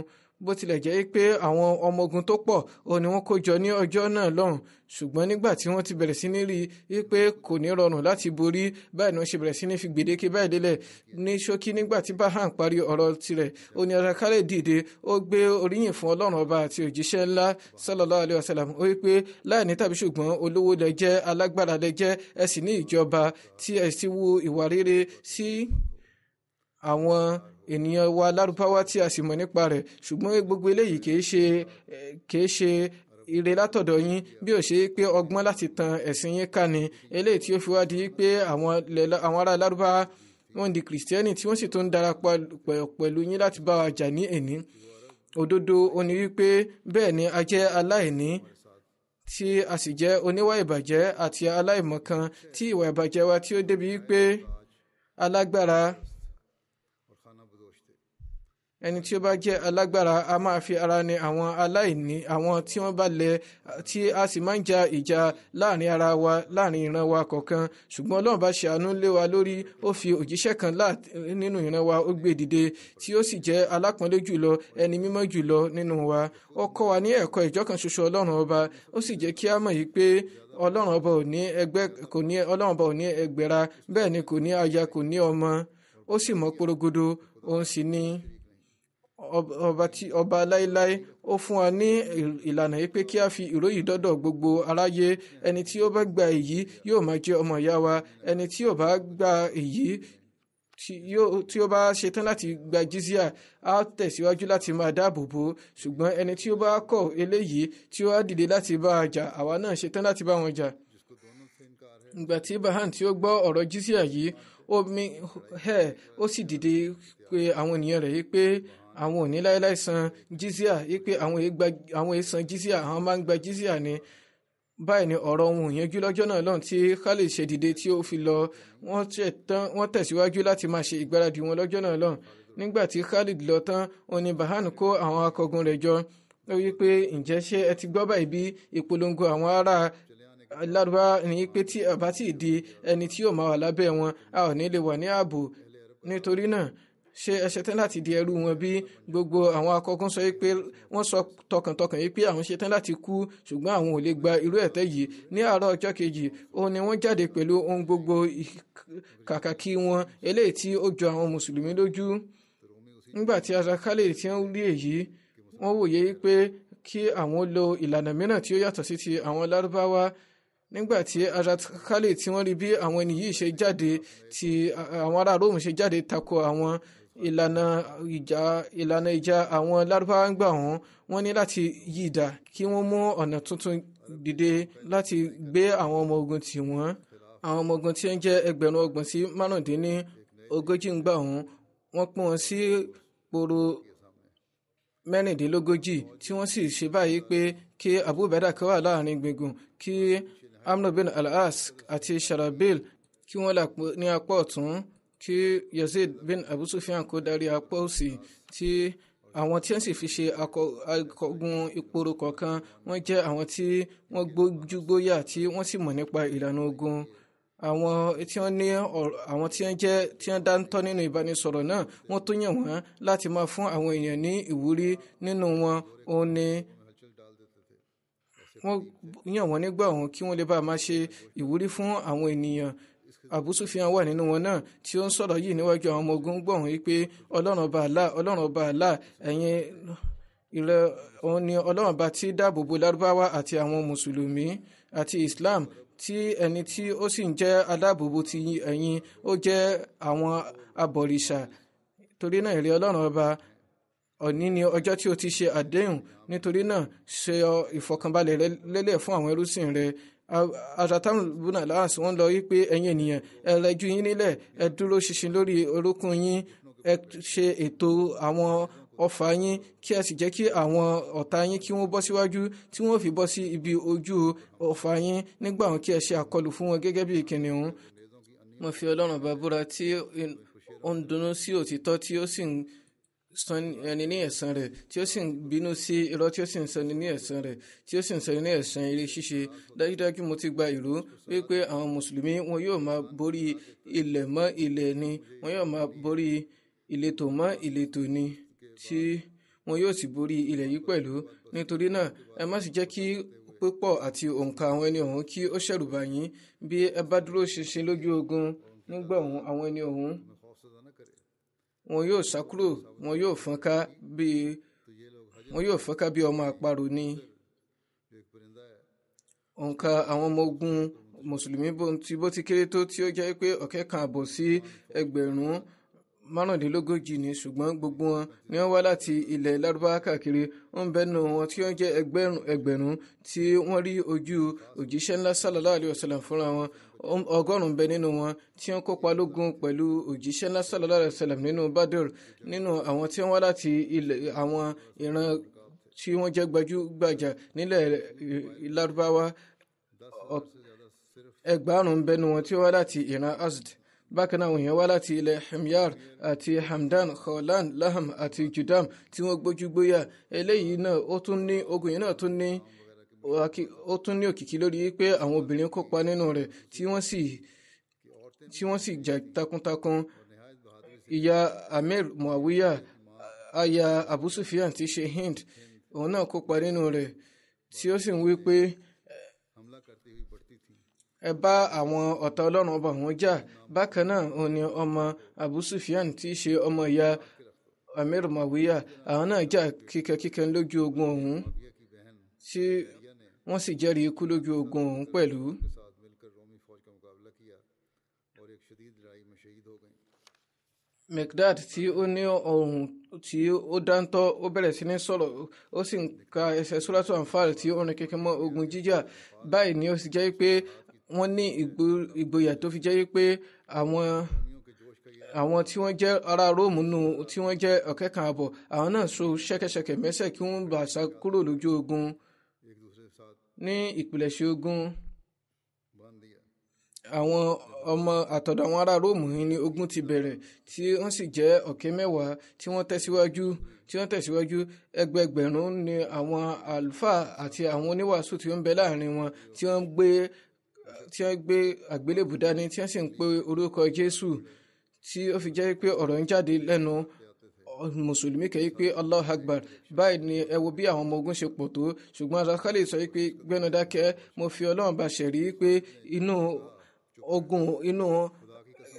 bó tilẹ̀ jẹ́ pé àwọn ọmọ ogun tó pọ̀ ò ní wọ́n kó jọ ní ọjọ́ náà lọ́hùn ṣùgbọ́n nígbà tí wọ́n ti bẹ̀rẹ̀ sí ní rí i pé kò ní rọrùn láti borí báyìí ni wọ́n ṣe bẹ̀rẹ̀ sí ní fi gbèdéke báyìí délẹ̀ ní ṣókí nígbà tí Bahan parí ọ̀rọ̀ tirẹ̀ ó ní Arakale dìde ó gbé oríyìn fún Ọlọ́run ọba àti òjíṣẹ́ ńlá sallallahu alayhi wa sallam ó wí pé láìní tàbí ṣùgbọ́n olówó lẹ jẹ́ alágbára lẹ jẹ́ ẹ sì ní ìjọba tí ẹ sì wu ìwà rere sí àwọn ènìyàn wa lárúbáwá tí a sì mọ̀ nípa rẹ̀ ṣùgbọ́n gbogbo eléyìí kìí ṣe kìí ṣe ire látọ̀dọ̀ yín bí ó ṣe é pé ọgbọ́n láti tan ẹ̀sìn yín ká ni eléyìí tí ó fi wá di pé àwọn ará lárúbáwá wọ́n di kìrìsìtẹ́nì tí wọ́n sì tún darapọ̀ pẹ̀lú yín láti bá wa jà ní ẹ̀ní òdodo ó ní wípé bẹ́ẹ̀ ni a jẹ́ aláìní tí a sì jẹ́ oníwà ìbàjẹ́ àti aláìmọ̀kan tí ìwà ìbàjẹ́ wa tí ó débi wípé alágbára ẹni tí ó bá jẹ́ alágbára a máa fi ara ni àwọn aláìní àwọn tí wọ́n bá lẹ̀ tí a sì máa ń ja ìjà láàrin ara wa láàrin ìran wa kọ̀ọ̀kan ṣùgbọ́n ọlọ́run bá ṣàánú lé wa lórí ó fi òjíṣẹ́ kan nínú ìran wa ó gbé dìde tí ó sì jẹ́ alápọ̀nlé jùlọ ẹni mímọ́ jùlọ nínú wa ó kọ́ wa ní ẹ̀kọ́ ìjọkan ọlọ́run ọba ó sì jẹ́ kí a mọ̀ yìí pé ọlọ́run ọba ò ní ẹgbẹ́ kò ní ọlọ́run ọba ò ní ẹgbẹ́ra ni ọba tí ọba láéláé ó fún wa ní ìlànà yìí pé kí a fi ìròyìn dọ́dọ̀ gbogbo aráyé ẹni tí ó bá gba èyí yóò máa jẹ́ ọmọ ìyá wa ẹni tí ò bá gba èyí tí ó bá ṣetán láti gba jizia á tẹ̀síwájú láti máa dáàbò bò ṣùgbọ́n ẹni tí ó bá kọ̀ eléyìí tí ó á dìde láti bá a jà àwa náà ṣetán láti bá wọn jà ìgbà tí bahan tí ó gbọ́ ọ̀rọ̀ jizia yìí mi hẹ́ ó sì dìde pé àwọn ènìyàn rẹ̀ yìí pé àwọn ò ní láéláé san jizíà wípé àwọn èè san jizíà àwọn máa ń gba jizíà ni báyìí ni ọ̀rọ̀ ohun ìyẹnjú lọ́jọ́ náà lọ́n tí Khalid ṣe dìde tí ó fi lọ wọ́n tẹ̀síwájú láti máa ṣe ìgbáradì wọn lọ́jọ́ náà lọ́n nígbà tí Khalid lọ tán òun ni Bahan kó àwọn akọgun rẹ̀ jọ ó wí pé ǹjẹ́ ṣé ẹ ti gbọ́ báyìí bí ìpolongo àwọn ará lárúbá ni pé tí àbá tí ì di ẹni tí yóò máa wà lábẹ́ wọn a ò ní lè wà ní ààbò nítorí náà ṣé ẹ ṣetán láti di ẹrú wọn bí gbogbo àwọn akọgun sọ pé wọ́n sọ tọkàntọkàn yìí pé àwọn ṣetán láti kú ṣùgbọ́n àwọn ò lè gba irú ẹ̀tẹ́ yìí ní àárọ̀ ọjọ́ kejì òun ni wọ́n jáde pẹ̀lú ohun gbogbo kàkàkí wọn eléyìí tí ó jọ àwọn mùsùlùmí lójú nígbà tí Arakálẹ̀ tí wọ́n rí èyí wọ́n wòye pé kí àwọn lo ìlànà mìíràn tí ó yàtọ̀ sí ti àwọn lárúbáwá nígbàtí Arakálẹ̀ tí wọ́n rí bí àwọn ẹni ṣe jáde tí àwọn ará Róòmù ṣe jáde tako àwọn ìlànà ìjà ìlànà ìjà àwọn lárúbáwá ń gbà wọ́n wọ́n ní láti yí ìdá kí wọ́n mú ọ̀nà tuntun dìde láti gbé àwọn ọmọ ogun tì wọ́n àwọn ọmọ ogun tí ń jẹ́ ẹgbẹ̀rún ọgbọ̀n sí márùndínní ogójì ń gbà wọ́n wọ́n pín wọn sí poro mẹ́rìndínlógójì tí wọ́n sì ṣe báyìí pé kí abubakar kó wà láàrin gbùngbùn kí amr bin àti sharabil kí wọ́n là ní apá ọ̀tún kí Yazid bin Abu Sufyan kó darí apá òsì tí àwọn tí wọ́n sì fi ṣe akọgun ìporo kọ̀ọ̀kan wọ́n jẹ́ àwọn tí wọ́n gbójúgbóyà tí wọ́n sì mọ̀ nípa ìlànà ogun àwọn tí wọ́n ní àwọn tí wọ́n jẹ́ tí wọ́n dáńtọ́ nínú ìbánisọ̀rọ̀ náà wọ́n tó yàn wọ́n láti máa fún àwọn èèyàn ní ìwúrí nínú wọn òun ni wọ́n yàn wọ́n nígbà wọn kí wọ́n lè bá máa ṣe ìwúrí fún àwọn ènìyàn Abu Sufyan wà nínú wọn náà tí ó ń sọ̀rọ̀ yìí níwájú àwọn ọmọ ogun gbọ̀hún wípé ọlọ́run ọba àlá ọlọ́run ọba àlá ẹ̀yin ilẹ̀ òun ni ọlọ́run ọba tí dáàbò bo lárúbáwá àti àwọn mùsùlùmí àti Islam tí ẹni tí ó sì ń jẹ́ adáàbòbò ti ẹ̀yin ó jẹ́ àwọn abọ̀rìṣà torí náà èrè ọlọ́run ọba òní ni ọjọ́ tí o ti ṣe àdéhùn nítorí náà ṣe ìfọ̀kànbalẹ̀ lélẹ̀ fún àwọn ẹrúsìn rẹ àtàtàmù bùnà láàs wọn lọ wípé ẹ̀yin ènìyàn ẹ rẹjú yín nílẹ̀ ẹ dúró ṣinṣin lórí orúnkún yín ẹ ṣe ètò àwọn ọfà yín kí ẹ sì jẹ́ kí àwọn ọ̀tá yín kí wọ́n bọ́ síwájú tí wọ́n fi bọ́ sí ibi ojú ọfà yín nígbà wọn kí ẹ ṣe àkọlù fún wọn gẹ́gẹ́ bí kìnìún. mo fi ọlọ́run bá búra tí ó ń dunnú sí òtítọ́ tí ó sì ń san ẹni ní ẹ̀san rẹ̀ tí ó sì ń bínú sí irọ́ tí ó sì ń san ní ẹ̀san rẹ̀ tí ó sì ń san ní ẹ̀san eré ṣíṣe dájúdájú mo ti gba ìró wípé àwọn mùsùlùmí wọn yóò máa borí ilẹ̀ mọ́ ilẹ̀ ni wọn yóò máa borí ìletò mọ́ ìletò ni tí wọn yóò sì borí ilẹ̀ yìí pẹ̀lú nítorí náà ẹ má sì jẹ́ kí pípọ̀ àti òǹkà àwọn ẹni ọ̀hún kí ó ṣẹ̀rù bà bí ẹ bá dúró ṣinṣin lójú ogun nígbà ọ̀hún àwọn ẹni ọ̀hún wọn yóò sá kúrò wọn yóò fọ́nká bí wọn yóò fọ́nká bí ọmọ àparò ni òǹkà àwọn ọmọ ogun mùsùlùmí bó ti kéré tó tí ó jẹ́ pé ọ̀kẹ́ kan àbọ̀ sí ẹgbẹ̀rún márùndínlógójì ni ṣùgbọ́n gbogbo wọn ni wọ́n wá láti ilẹ̀ lárúbáwá káàkiri ó ń bẹnu wọn tí wọ́n jẹ́ ẹgbẹ̀rún tí wọ́n rí ojú òjíṣẹ́ ńlá sálàlá àlẹ́ ọ̀sálàm fúnra wọn ọgọ́rùn-ún bẹ nínú wọn tí wọ́n kópa lógun pẹ̀lú òjíṣẹ́ ńlá sálàlá àlẹ́ ọ̀sálàm nínú Badr nínú àwọn tí wọ́n wá láti ilẹ̀ àwọn ìran tí wọ́n jẹ́ gbajúgbajà nílẹ̀ lárúbáwá ẹgbàárùn-ún bẹnu wọn tí wọ́n wá láti ìran Azd bákan náà àwọn èèyàn wá láti ilẹ̀ himyar àti hamdan khalan laham àti judam tí wọ́n gbójúgbóyà eléyìí náà ó tún ní ogun yìí náà tún ní ó tún ní òkìkí lórí pé àwọn obìnrin kópa nínú rẹ̀ tí wọ́n sì tí takuntakun ìyá amir muawiya aya abu sufyan ti ṣe hind òun náà kópa nínú rẹ̀ tí ó sì ń wí pé ẹ bá àwọn ọ̀tá ọlọ́run ọba wọn jà bákan náà òun ni ọmọ Abu Sufyan tí í ṣe ọmọ ìyá Amir Mawiya àwọn náà jà kíkẹ́kíkẹ́ lójú ogun ọ̀hún tí wọ́n sì jẹ́rìí ikú lójú ogun ọ̀hún pẹ̀lú. Mekdad tí ó ní ohun tí ó dáńtọ́ ó bẹ̀rẹ̀ sí ní sọ̀rọ̀ ó sì ń ka ẹsẹ̀ Suratul Anfal tí ó rìn kékeré mọ́ ogun jíjà báyìí ni ó sì jẹ́ pé wọ́n ní ìgboyà tó fi jẹ́ pé àwọn àwọn tí wọ́n jẹ́ ará róòmù nù tí wọ́n jẹ́ ọ̀kẹ́ kan àbọ̀ àwọn náà so ṣẹ́kẹ́ṣẹkẹ̀ mẹ́sẹ̀ kí wọ́n bá sá kúrò lójú ogun ní ìpilẹ̀ṣẹ̀ ogun àwọn ọmọ àtọ̀dọ̀ àwọn ará róòmù ni ogun ti bẹ̀rẹ̀ tí wọ́n sì jẹ́ ọ̀kẹ́ mẹ́wàá tí wọ́n tẹ̀síwájú tí wọ́n tẹ̀síwájú ẹgbẹgbẹ̀rún ni àwọn àlùfáà àti àwọn oníwàásù tí ó ń bẹ láàrin wọn tí wọ́n gbé tí wọ́n gbé àgbélébù dání tí wọ́n sì ń pe orúkọ Jésù tí ó fi jẹ́ pé ọ̀rọ̀ ń jáde lẹ́nu mùsùlùmí kẹ́yí pé Allahu Akbar báyìí ni ẹ wo bí àwọn ọmọ ogun ṣe pọ̀ tó ṣùgbọ́n Zakari sọ pé gbẹ́nu dákẹ́ mo fi Ọlọ́run bá ṣẹ̀ rí pé inú ogun inú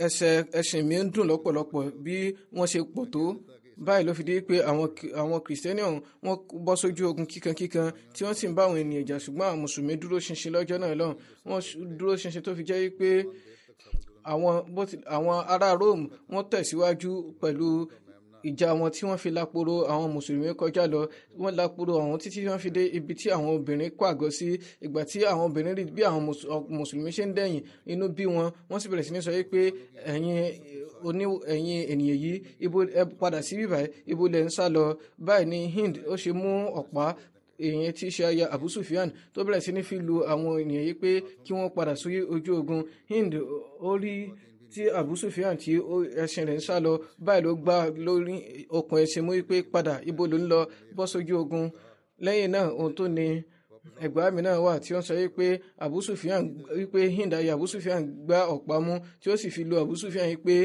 ẹsẹ̀ ẹ̀sìn mi ń dùn lọ́pọ̀lọpọ̀ bí wọ́n ṣe pọ̀ tó báyìí ló fi di pé àwọn kìrìsìtẹ́nì ọ̀hún wọ́n bọ́ sójú ogun kíkankíkan tí wọ́n sì ń bá àwọn ènìyàn jà ṣùgbọ́n àwọn mùsùlùmí dúró ṣinṣin lọ́jọ́ náà lọ́hùn wọ́n dúró ṣinṣin tó fi jẹ́ pé àwọn ará Rome wọ́n tẹ̀síwájú pẹ̀lú ìjà wọn tí wọ́n fi lápòrò àwọn mùsùlùmí kọjá lọ wọ́n lápòrò àwọn títí wọ́n fi dé ibi tí àwọn obìnrin kó àgọ́ sí ìgbà tí àwọn obìnrin rí bí àwọn mùsùlùmí ṣe ń dẹ̀yìn inú bí wọn wọ́n sì bẹ̀rẹ̀ sí ní sọ pé ẹ̀yin oní ẹ̀yin ènìyàn yìí ibo ẹ padà sí bíbáyìí ibo lẹ̀ ń sá lọ báyìí ní Hind ó ṣe mú ọ̀pá èèyàn tí ṣe aya Abu Sufyan tó bẹ̀rẹ̀ sí ní fi lu àwọn ènìyàn yìí pé kí wọ́n padà sí ojú ogun Hind ó rí tí Abu Sufyan tí ẹṣin rẹ̀ ń sá lọ báyìí ló gbá lórí okùn ẹṣin mú wípé padà ibo ló ń lọ bọ́ sójú ogun lẹ́yìn náà ohun tó ní ẹgbàá mi náà wà tí wọ́n sọ wípé Abu Sufyan wípé Hind aya Abu Sufyan gbá ọ̀pá mú tí ó sì fi lu Abu Sufyan wípé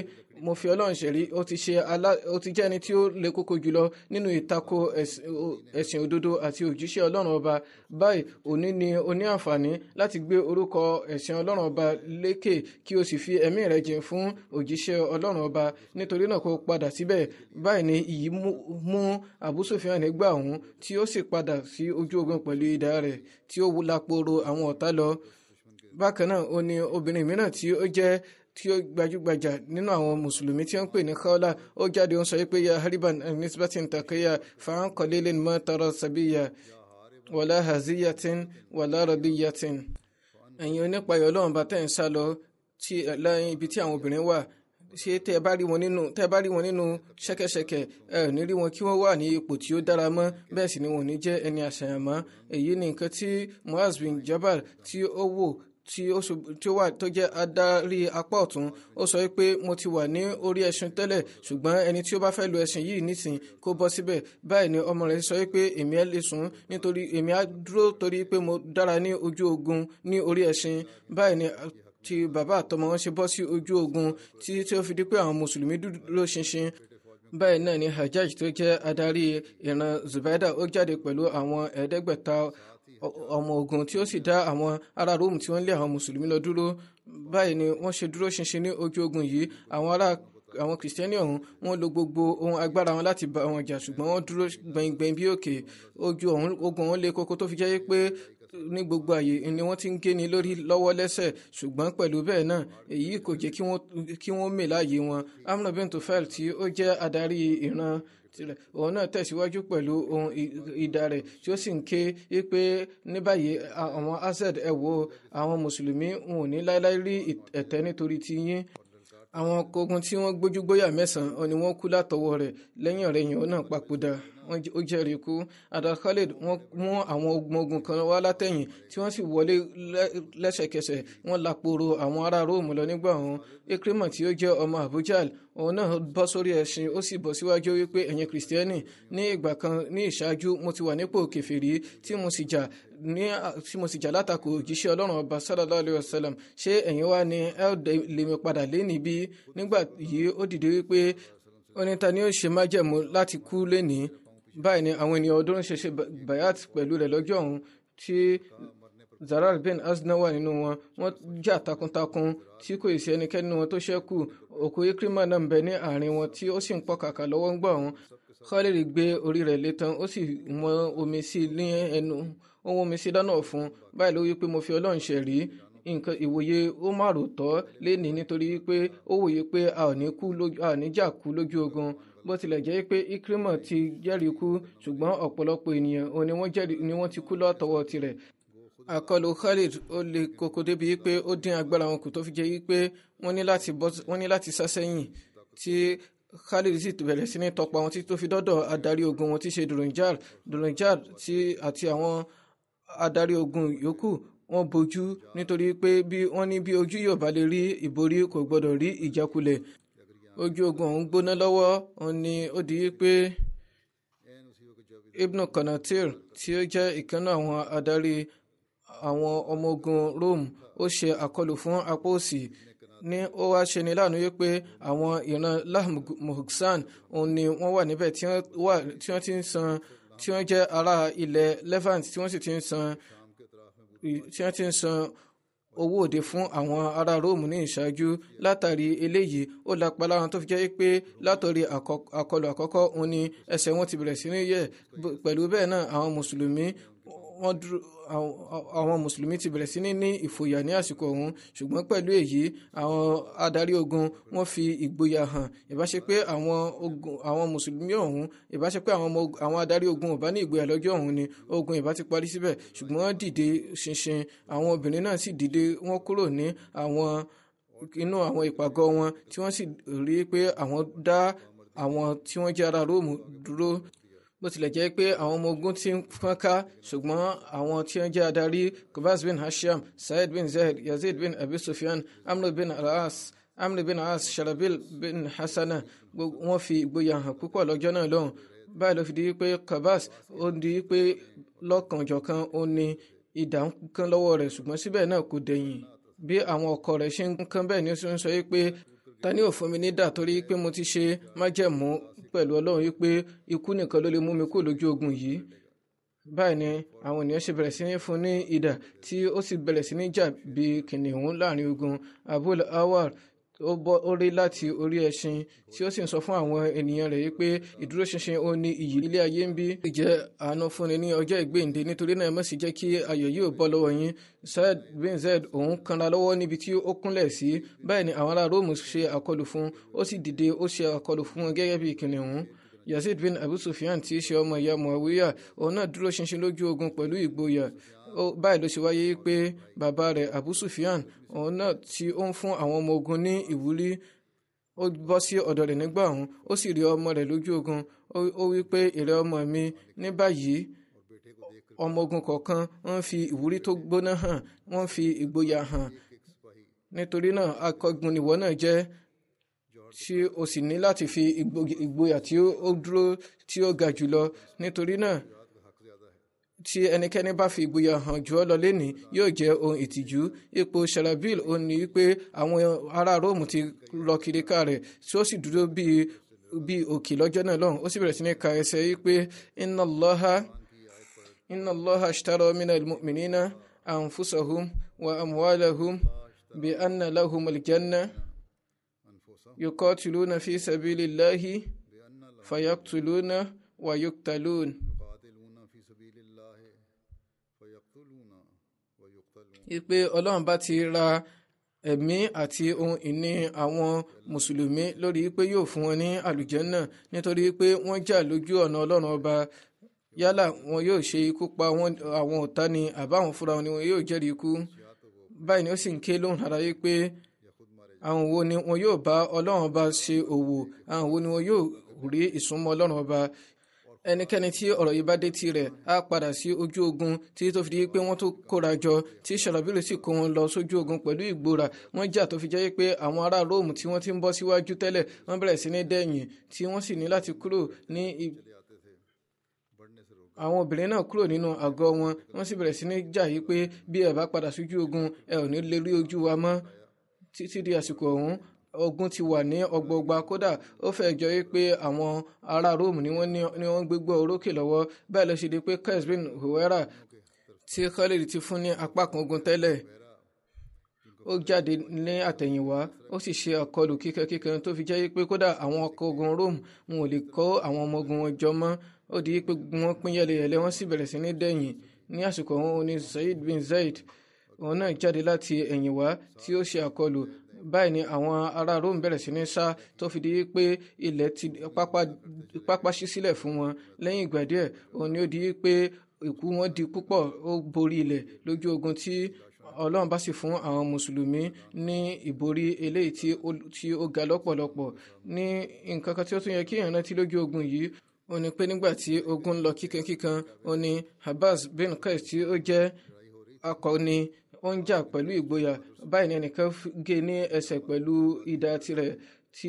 mo fi ọlọ́run ṣẹ̀rí ó ti ṣe alá ó ti jẹ́ ẹni tí ó le koko jùlọ nínú ìtako ẹ̀sìn òdodo àti òjíṣẹ́ ọlọ́run ọba báyìí òní ni o ní àǹfààní láti gbé orúkọ ẹ̀sìn ọlọ́run ọba lékè kí o sì fi ẹ̀mí rẹ jìn fún òjíṣẹ́ ọlọ́run ọba nítorí náà kó padà síbẹ̀ báyìí ni ìyí mú Abu Sufyan nígbà ọ̀hún tí ó sì padà sí ojú ogun pẹ̀lú idà rẹ̀ tí ó laporo àwọn ọ̀tá lọ bákan náà ó ní obìnrin mìíràn tí ó jẹ́ tí ó gbajúgbajà nínú àwọn mùsùlùmí tí ó ń pè ní kọ́lá ó jáde ó ń sọ pé ya hariban nisbatin takiya fa'an qalilin ma tara sabiya wala haziyatin wala radiyatin. ẹ̀yin onípayọ̀ ọlọ́run bá tẹ̀ ń sá lọ láyìn ibi tí àwọn obìnrin wà ṣé tẹ́ bá rí wọn nínú tẹ́ ẹ ní rí wọn kí wọ́n wà ní ipò tí ó dára mọ́ bẹ́ẹ̀ sì ni wọn ò ní jẹ́ ẹni àṣàyàn mọ́ èyí ni nǹkan tí Muaz bin Jabal tí ó wò tí ó wà tó jẹ́ adarí apá ọ̀tún ó sọ pé mo ti wà ní orí ẹṣin tẹ́lẹ̀ ṣùgbọ́n ẹni tí ó bá fẹ́ lo ẹṣin yìí nísìn kó bọ́ síbẹ̀ báyìí ni ọmọ rẹ̀ sọ pé èmi ẹ lè sùn nítorí èmi á dúró torí pé mo dára ní ojú ogun ní orí ẹṣin báyìí ni ti bàbá àtọmọ wọn ṣe bọ́ sí ojú ogun tí tí ó fi di pé àwọn mùsùlùmí dúró ṣinṣin báyìí náà ni Hajjaj tó jẹ́ adarí ìran Zubaida ó jáde pẹ̀lú àwọn ẹ̀ẹ́dẹ́gbẹ̀ta ọmọ ogun tí ó sì dá àwọn ará Róòmù tí wọ́n lé àwọn mùsùlùmí lọ dúró báyìí ni wọ́n ṣe dúró ṣinṣin ní ojú ogun yìí àwọn ará àwọn kìrìsìtẹ́nì ọ̀hún wọ́n lo gbogbo ohun agbára wọn láti bá wọn jà ṣùgbọ́n wọ́n dúró gbẹ̀ngbẹ̀ng bí òkè ojú ọ̀hún ogun ọ̀hún le koko tó fi jẹ́ pé ní gbogbo àyè ni wọ́n ti ń géni lórí lọ́wọ́ lẹ́sẹ̀ ṣùgbọ́n pẹ̀lú bẹ́ẹ̀ náà èyí kò jẹ́ kí wọ́n mè láàyè wọn amúnà bíntu fẹ́l tí ó jẹ́ adarí ìran tirẹ̀ òun náà tẹ̀síwájú pẹ̀lú ohun ìdá rẹ̀ tí ó sì ń ké pé ní báyìí àwọn asad ẹ̀ wo àwọn mùsùlùmí wọn ò ní láéláé rí ẹ̀tẹ́ nítorí ti yín àwọn kogun tí wọ́n gbójúgbóyà mẹ́sàn-án ni wọ́n kú látọwọ́ rẹ̀ lẹ́yìn ọ̀rẹ́yìn ó náà papòdà ó jẹ́rìí kú Adar Khalid wọ́n mú àwọn ogun ogun kan wá látẹ̀yìn tí wọ́n sì wọlé lẹ́sẹ̀kẹsẹ̀ wọ́n lapòrò àwọn ará Róòmù lọ nígbà wọn Ikrimah tí ó jẹ́ ọmọ Abu Jahl òun náà bọ́ sórí ẹ̀sìn ó sì bọ́ síwájú wípé ẹ̀yin kìrìsìtẹ́nì ní ìgbà kan ní ìṣáájú mo ti wà nípò kèfèrí tí mo sì jà ní tí mo sì jà látakò òjíṣẹ́ ọlọ́run ọba sallallahu alayhi wa sallam ṣé ẹ̀yin wá ni ẹ lè mi padà lé níbí nígbà yìí ó dìde wípé onítàní ó ṣe májẹ̀mú láti kú lénìí báyìí ni àwọn ènìyàn ọdún ṣe bayat pẹ̀lú rẹ̀ lọ́jọ́ ọ̀hún tí zarar bin asna wà nínú wọn wọ́n jà takuntakun tí kò sí ẹnikẹ́ni nínú wọn tó ṣẹ́kù òkú ikrima náà ń bẹ ní àárín wọn tí ó sì ń pọ̀ kàkà lọ́wọ́ ń gbà wọn khalid gbé orí rẹ̀ létan ó sì mọ omi sí ní ẹnu ohun omi sí dáná fún báyìí ló wí pé mo fi ọlọ́run ṣẹ̀ rí nǹkan ìwòye ó má rò tọ́ lénìí nítorí pé ó wòye pé a ò ní jà kú lójú ogun bó tilẹ̀ jẹ́ pé Ikrima ti jẹ́rìí kú ṣùgbọ́n ọ̀pọ̀lọpọ̀ ènìyàn òun ni wọ́n ti kú lọ́tọ̀wọ́ tirẹ̀ àkọlù Khalid ó le koko débi pé ó dín agbára wọn kù tó fi jẹ́ pé wọ́n ní láti sá sẹ́yìn tí Khalid sì bẹ̀rẹ̀ sí ní tọpa wọn títí tó fi dọ́dọ̀ adarí ogun wọn tí ṣe Durinjar Durinjar àti àwọn adarí ogun yòókù wọ́n bojú nítorí pé bí wọ́n ní bí ojú yóò bá lè rí ìborí kò gbọ́dọ̀ rí ìjákulẹ̀ ojú ogun ọ̀hún gbóná lọ́wọ́ òun ni ó di pé Ibn Qanatir tí ó jẹ́ ìkànnà àwọn adarí àwọn ọmọ ogun Rome ó ṣe àkọlù fún apá òsì ní ó wá ṣe ní láàánú wípé àwọn ìran Lahm òun ni wọ́n wà níbẹ̀ tí wọ́n ti ń san tí wọ́n jẹ́ ará ilẹ̀ Levant tí wọ́n sì ti ń san tí wọ́n ti ń san owó òde fún àwọn ará róòmù ní ìṣáájú látàrí eléyìí ó lapa lára tó fi jẹ́ pé látọ̀rí àkọlù àkọ́kọ́ òun ni ẹsẹ̀ wọn ti bẹ̀rẹ̀ sí ní yẹ̀ pẹ̀lú bẹ́ẹ̀ náà àwọn mùsùlùmí wọ́n dúró àwọn mùsùlùmí ti bẹ̀rẹ̀ sí ní ní ìfòyà ní àsìkò ọ̀hún ṣùgbọ́n pẹ̀lú èyí àwọn adarí ogun wọ́n fi ìgboyà hàn ìbáṣe pé àwọn mùsùlùmí ọ̀hún ìbáṣe pé àwọn adarí ogun ò bá ní ìgboyà lọ́jọ́ ọ̀hún ni ogun ìbá ti parí síbẹ̀ ṣùgbọ́n wọ́n dìde ṣinṣin àwọn obìnrin náà sì dìde wọ́n kúrò ní àwọn inú àwọn ìpàgọ́ wọn tí wọ́n sì rí pé àwọn dá àwọn tí wọ́n jẹ́ ara Róòmù dúró bó tilẹ̀ jẹ́ pé àwọn ọmọ ogun ti ń fọ́n ká ṣùgbọ́n àwọn tí wọ́n jẹ́ adarí kubas bin hasham said bin zaid yazid bin abi sufyan amr bin al-as amr bin al-as sharabil bin hasana wọ́n fi ìgboyà hàn púpọ̀ lọ́jọ́ náà lọ́hùn báyìí ló fi di pé kabas ó di pé lọ́kànjọ̀kan ó ní idà ń kán lọ́wọ́ rẹ̀ ṣùgbọ́n síbẹ̀ náà kò dẹ̀yìn bí àwọn ọkọ rẹ̀ ṣe ń kán bẹ́ẹ̀ ni ó sọ pé ta ni ò mi ní dà torí pé mo ti ṣe májẹ̀mú pẹ̀lú ọlọ́run yìí pé ikú nìkan ló lè mú mi kú lójú ogun yìí báyìí ni àwọn ènìyàn ṣe bẹ̀rẹ̀ sí ní fún ní idà tí ó sì bẹ̀rẹ̀ sí ní jà bí kìnìún láàrin ogun abul awar ó bọ́ ó rí láti orí ẹṣin tí ó sì ń sọ fún àwọn ènìyàn rẹ̀ pé ìdúróṣinṣin ó ní iyì ilé ayé ń bí ìjẹ́ àánú fúnni ní ọjọ́ ìgbéǹde nítorí náà ẹ má sì jẹ́ kí ayọ̀ yìí ò bọ́ lọ́wọ́ yín Saad bin Zaid òun kanra lọ́wọ́ níbi tí ó kúnlẹ̀ sí báyìí ni àwọn ará Róòmù ṣe àkọlù fún ó sì dìde ó ṣe àkọlù fún gẹ́gẹ́ bí kìnìún Yazid bin Abu Sufyan tí í ṣe ọmọ ìyá Muawiya òun náà dúró ṣinṣin lójú ogun pẹ̀lú ìgboyà báyìí ló ṣe wáyé pé bàbá rẹ̀ Abu Sufyan òun náà tí ó ń fún àwọn ọmọ ogun ní ìwúrí ó bọ́ sí ọ̀dọ̀ rẹ̀ nígbà ọ̀hún ó sì rí ọmọ rẹ̀ lójú ogun ó wí pé ìrẹ́ ọmọ mi ní báyìí ọmọ ogun kọ̀ọ̀kan wọ́n fi ìwúrí tó gbóná hàn wọ́n fi ìgboyà hàn nítorí náà akọgun nìwọ náà jẹ́ tí o sì ní láti fi ìgboyà tí ó dúró tí ó ga jùlọ nítorí náà tí ẹnikẹ́ni bá fi ìgboyà hàn jù ọ́ lọ lẹ́ni yóò jẹ́ ohun ìtìjú ipò sarabil ó ní pé àwọn ará róòmù ti lọ kiri ká rẹ̀ tí ó sì dúró bíi bíi òkè lọ́jọ́ náà lọ́hùn ó sì bẹ̀rẹ̀ sí ní ka ẹsẹ̀ yìí pé inna Allaha inna Allaha ishtara minal mu'minina anfusahum wa amwalahum bi anna lahumul janna yuqatiluna fi sabilillahi fayaktuluna wa yuktalun. pé ọlọ́run bá ti ra ẹ̀mí àti ohun ìní àwọn mùsùlùmí lórí pé yóò fún wọn ní àlùjẹ́nà nítorí pé wọ́n jà lójú ọ̀nà ọlọ́run ọba yálà wọn yóò ṣe ikú pa àwọn ọ̀tá ni àbáwọn fúnra wọn ni wọn yóò jẹ́rìí ikú báyìí ni ó sì ń ké lóhùn ara pé àwọn wo ni wọn yóò bá ọlọ́run ọba ṣe òwò àwọn wo ni wọn yóò rí ìsúnmọ́ ọlọ́run ọba ẹnikẹ́ni tí ọ̀rọ̀ yìí bá dé tirẹ̀ á padà sí ojú ogun tí tó fi di pé wọ́n tó kóra jọ tí sàràbílù sì kó wọn lọ sójú ogun pẹ̀lú ìgbóra wọ́n jà tó fi jẹ́ pé àwọn ará róòmù tí wọ́n ti ń bọ́ síwájú tẹ́lẹ̀ wọ́n bẹ̀rẹ̀ sí ní dẹ̀yìn tí wọ́n sì ní láti kúrò ní àwọn obìnrin náà kúrò nínú àgọ́ wọn wọ́n sì bẹ̀rẹ̀ sí ní jà yìí pé bí ẹ bá padà sójú ogun ẹ ò ní lè rí ojú wa mọ́ títí di àsìkò ọ̀hún ogun ti wà ní ọgbọgba kódà ó fẹ́ jọ wípé àwọn ará Rome ni wọ́n ní wọ́n gbégbá orókè lọ́wọ́ bẹ́ẹ̀ ló ṣe di pé Qusbin Huwaira tí Khalid ti fún ní apá kan ogun tẹ́lẹ̀ ó jáde ní àtẹ̀yìnwá ó sì ṣe àkọlù kíkẹ́kíkẹ́ tó fi jẹ́ pé kódà àwọn ọkọ̀ ogun Rome wọn ò lè kó àwọn ọmọ ogun wọn jọ mọ́ ó di pé wọ́n pín yẹlẹyẹlẹ wọ́n sì bẹ̀rẹ̀ sí ní dẹ̀yìn ní àsìkò wọn ò ní Zaid bin Zaid òun náà jáde láti ẹ̀yìn wá tí ó ṣe àkọlù báyìí ni àwọn ará Rome bẹ̀rẹ̀ sí ní sá tó fi di pé ilẹ̀ ti pápá ṣí sílẹ̀ fún wọn lẹ́yìn ìgbà díẹ̀ òun ni ó di pé ikú wọn di púpọ̀ ó borí ilẹ̀ lójú ogun tí ọlọ́run bá sì fún àwọn mùsùlùmí ní ìborí eléyìí tí ó ga lọ́pọ̀lọpọ̀ ní nǹkan kan tí ó tún yẹ kí èèyàn rántí lójú ogun yìí ó ní pé nígbà tí ogun lọ kíkankíkan ó ní Habaz bin Qais tí ó jẹ́ akọni ó ń jà pẹ̀lú ìgboyà báyìí ní ẹnìkan gé ní ẹsẹ̀ pẹ̀lú ìdá tirẹ̀ tí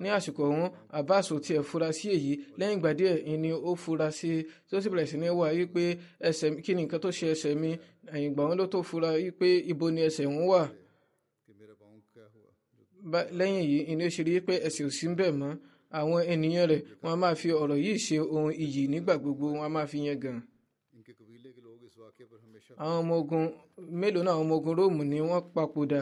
ní àsìkò ọ̀hún Abbas tiẹ̀ fura sí èyí lẹ́yìn ìgbà díẹ̀ ni ó fura sí tó sì bẹ̀rẹ̀ sí ní wá yí pé ẹsẹ̀ kí ni nǹkan tó ṣe ẹsẹ̀ mi ẹ̀yìn ìgbà wọn ló tó fura yí pé ibo ni ẹsẹ̀ òun wà lẹ́yìn yìí ni ó ṣe rí pé ẹsẹ̀ ò sí ń bẹ̀ mọ́ àwọn ènìyàn rẹ̀ wọ́n á máa fi ọ̀rọ̀ yìí ṣe ohun iyì nígbà gbogbo wọ́n máa fi yẹn gan-an àwọn ọmọ ogun mélòó náà àwọn ọmọ ogun róòmù ni wọ́n papòdà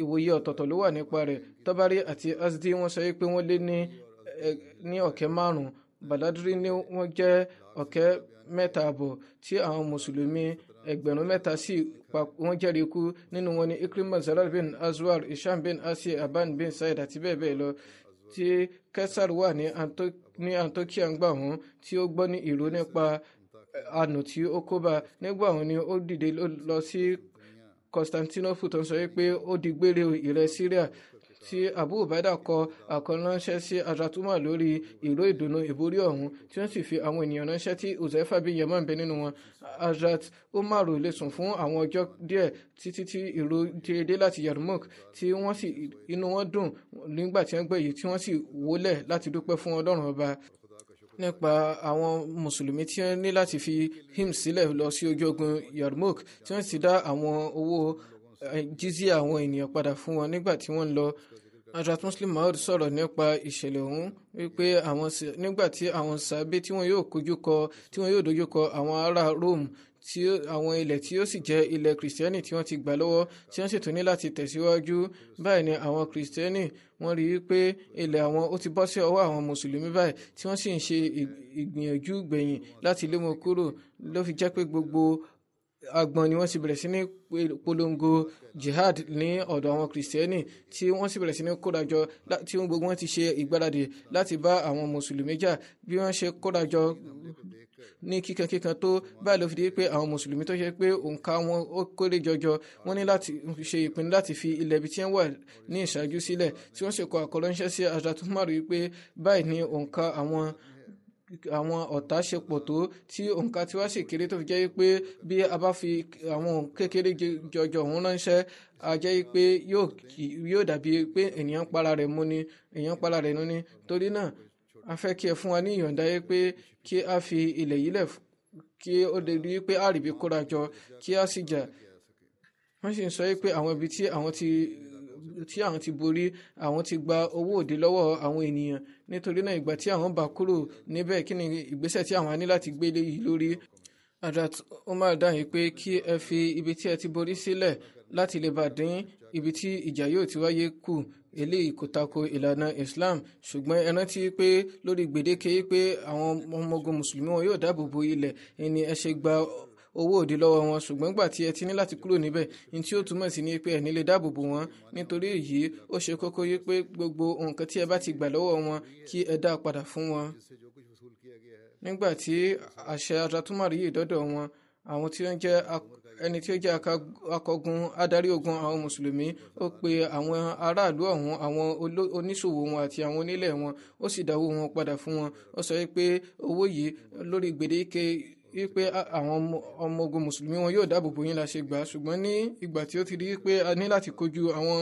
ìwòye ọ̀tọ̀ọ̀tọ̀ ló wà nípa rẹ̀ tọ́bárí àti asdi wọ́n sọ pé wọ́n lé ní ní ọ̀kẹ́ márùn-ún baladri ni wọ́n jẹ́ ọ̀kẹ́ mẹ́ta àbọ̀ tí àwọn mùsùlùmí ẹgbẹ̀rún mẹ́ta sí wọ́n jẹ́rìí ikú nínú wọn ni ikrimah zarar bin azwar isham bin asi aban bin said àti bẹ́ẹ̀ bẹ́ẹ̀ lọ tí kẹsàr wà ní Antiochia ń gbà wọ́n tí ó gbọ́ ní ìró nípa àánú tí ó kó bá nígbà wọn ni ó dìde lọ sí Constantinople tó ń sọ pé ó di gbére ilẹ̀ Syria tí Abu Ubaida kọ àkọránṣẹ́ sí Adratumma lórí ìró ìdùnnú ìborí ọ̀hún tí wọ́n sì fi àwọn ènìyàn ránṣẹ́ tí Uzaifa bin Yaman bẹ nínú wọn Hazrat Umaru lè sùn fún àwọn ọjọ́ díẹ̀ títí tí ìró déédéé láti Yarmouk tí wọ́n sì inú wọn dùn nígbà tí wọ́n gbọ́ èyí tí wọ́n sì wólẹ̀ láti dúpẹ́ fún Ọlọ́run ọba nípa àwọn mùsùlùmí tí wọ́n ní láti fi him sílẹ̀ lọ sí ojú ogun Yarmouk tí wọ́n sì dá àwọn owó eh, jíjí àwọn ènìyàn padà fún wọn nígbà tí wọ́n ń lọ Hazrat Muslim Maud sọ̀rọ̀ nípa ìṣẹ̀lẹ̀ ọ̀hún wípé nígbà tí àwọn sàbẹ̀ tí wọ́n yóò dojú kọ àwọn ará Rome tí àwọn ilẹ̀ tí ó sì jẹ́ ilẹ̀ kìrìsìtẹ́nì tí wọ́n ti gbà lọ́wọ́ tí wọ́n sì tún ní láti tẹ̀síwájú báyìí ni àwọn kìrìsìtẹ́nì wọ́n rí i pé ilẹ̀ àwọn ó ti bọ́ sí ọwọ́ àwọn mùsùlùmí báyìí tí wọ́n sì ń ṣe ìgbìyànjú gbẹ̀yìn láti lé wọn kúrò ló fi jẹ́ pé gbogbo agbọn ni wọ́n sì bẹ̀rẹ̀ sí ní polongo jihad ní ọ̀dọ̀ àwọn kìrìsìtẹ́nì tí wọ́n sì bẹ̀rẹ̀ sí ní kórajọ tí wọ́n gbogbo wọn ti ṣe ìgbáradì láti bá àwọn mùsùlùmí jà bí wọ́n ṣe kórajọ ní kíkankíkan tó báyìí ló fi di pé àwọn mùsùlùmí tó ṣe pé òǹkà wọn ó kéré jọjọ wọ́n ní láti ṣe ìpinnu láti fi ilẹ̀ ibi tí wọ́n wà ní ìṣáájú sílẹ̀ tí wọ́n sì kọ àkọlọ́ńṣẹ́ sí Hazrat Umar wípé báyìí ni òǹkà àwọn àwọn ọ̀tá ṣe pọ̀ tó tí òǹkà tiwa sì kéré tó fi jẹ́ pé bí a bá fi àwọn kékeré jọjọ òun ránṣẹ́ a jẹ́ pé yóò dàbí pé ènìyàn para rẹ̀ mú ni ènìyàn para rẹ̀ nú ni torí náà a fẹ́ kí ẹ fún wa ní ìyọ̀ǹda yẹ pé kí a fi ilẹ̀ yìí lẹ̀ kí ó lè rí pé àríbí kóra jọ kí a sì jà wọ́n sì ń sọ pé àwọn ibi tí àwọn ti tí àwọn ti borí àwọn ti gba owó òde lọ́wọ́ àwọn ènìyàn nítorí náà ìgbà tí àwọn bá kúrò níbẹ̀ kí ni ìgbésẹ̀ tí àwọn á ní láti gbé léyìí lórí. Adat Umar dáhùn pé kí ẹ fi ibi tí ẹ ti borí sílẹ̀ láti lè bá dín ibi tí ìjà yóò ti wáyé kù eléyìí kò tako ìlànà Islam ṣùgbọ́n ẹ rántí pé lórí gbèdéke pé àwọn ọmọ ogun mùsùlùmí wọn yóò dáàbò bo ilẹ̀ ẹni ẹ ṣe gba owó òde lọ́wọ́ wọn ṣùgbọ́n gbà tí ẹ ti ní láti kúrò níbẹ̀ ní tí ó túmọ̀ sí ni pé ẹ̀ nílé dáàbòbò wọn nítorí èyí ó ṣe kókó yí pé gbogbo nǹkan tí ẹ bá ti gbà lọ́wọ́ wọn kí ẹ dá padà fún wọn. nígbà tí àṣẹ Adratumari yìí dọ́dọ̀ wọn àwọn tí wọ́n jẹ́ ẹni tí ó jẹ́ akọgun adarí ogun àwọn mùsùlùmí ó pe àwọn aráàlú ọ̀hún àwọn oníṣòwò wọn àti àwọn onílẹ̀ wọn ó sì dáwó wọn padà fún wọn ó sọ pé owó yìí lórí gbèdéke wípé àwọn ọmọ ogun mùsùlùmí wọn yóò dáàbò bò yín la ṣe gbà ṣùgbọ́n ní ìgbà tí ó ti rí pé a ní láti kojú àwọn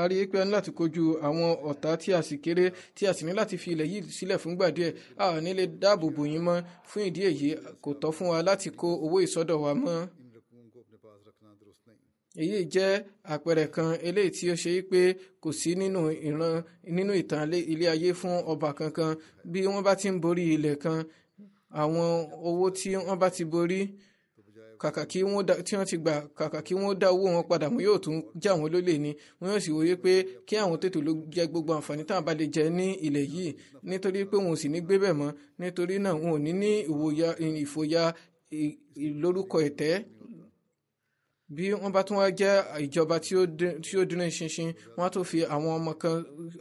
a rí pé a ní láti kojú àwọn ọ̀tá tí a sì kéré tí a sì ní láti fi ilẹ̀ yìí sílẹ̀ fúngbà díẹ̀ a ò ní lè dáàbò bò yín mọ́ fún ìdí èyí kò tọ́ fún wa láti kó owó ìsọdọ̀ wa mọ́. èyí jẹ́ àpẹẹrẹ kan eléyìí tí ó ṣe pé kò sí nínú ìran nínú ìtàn ilé ayé fún ọba kankan bí wọ́n bá ti ń borí ilẹ̀ kan àwọn owó tí wọ́n bá ti borí kàkà kí wọ́n dá tí wọ́n ti gbà kàkà kí wọ́n dá owó wọn padà wọn yóò tún já wọn lólè ni wọn yóò sì wòye pé kí àwọn tètè ló jẹ gbogbo àǹfààní tá à bá lè jẹ ní ilẹ̀ yìí nítorí pé wọn ò sì ní gbé bẹ̀ mọ́ nítorí náà wọn ò ní ní ìfòyà ìlórúkọ ẹ̀tẹ́ bí wọ́n bá tún wá jẹ́ ìjọba tí ó dúró ṣinṣin wọ́n á tó fi àwọn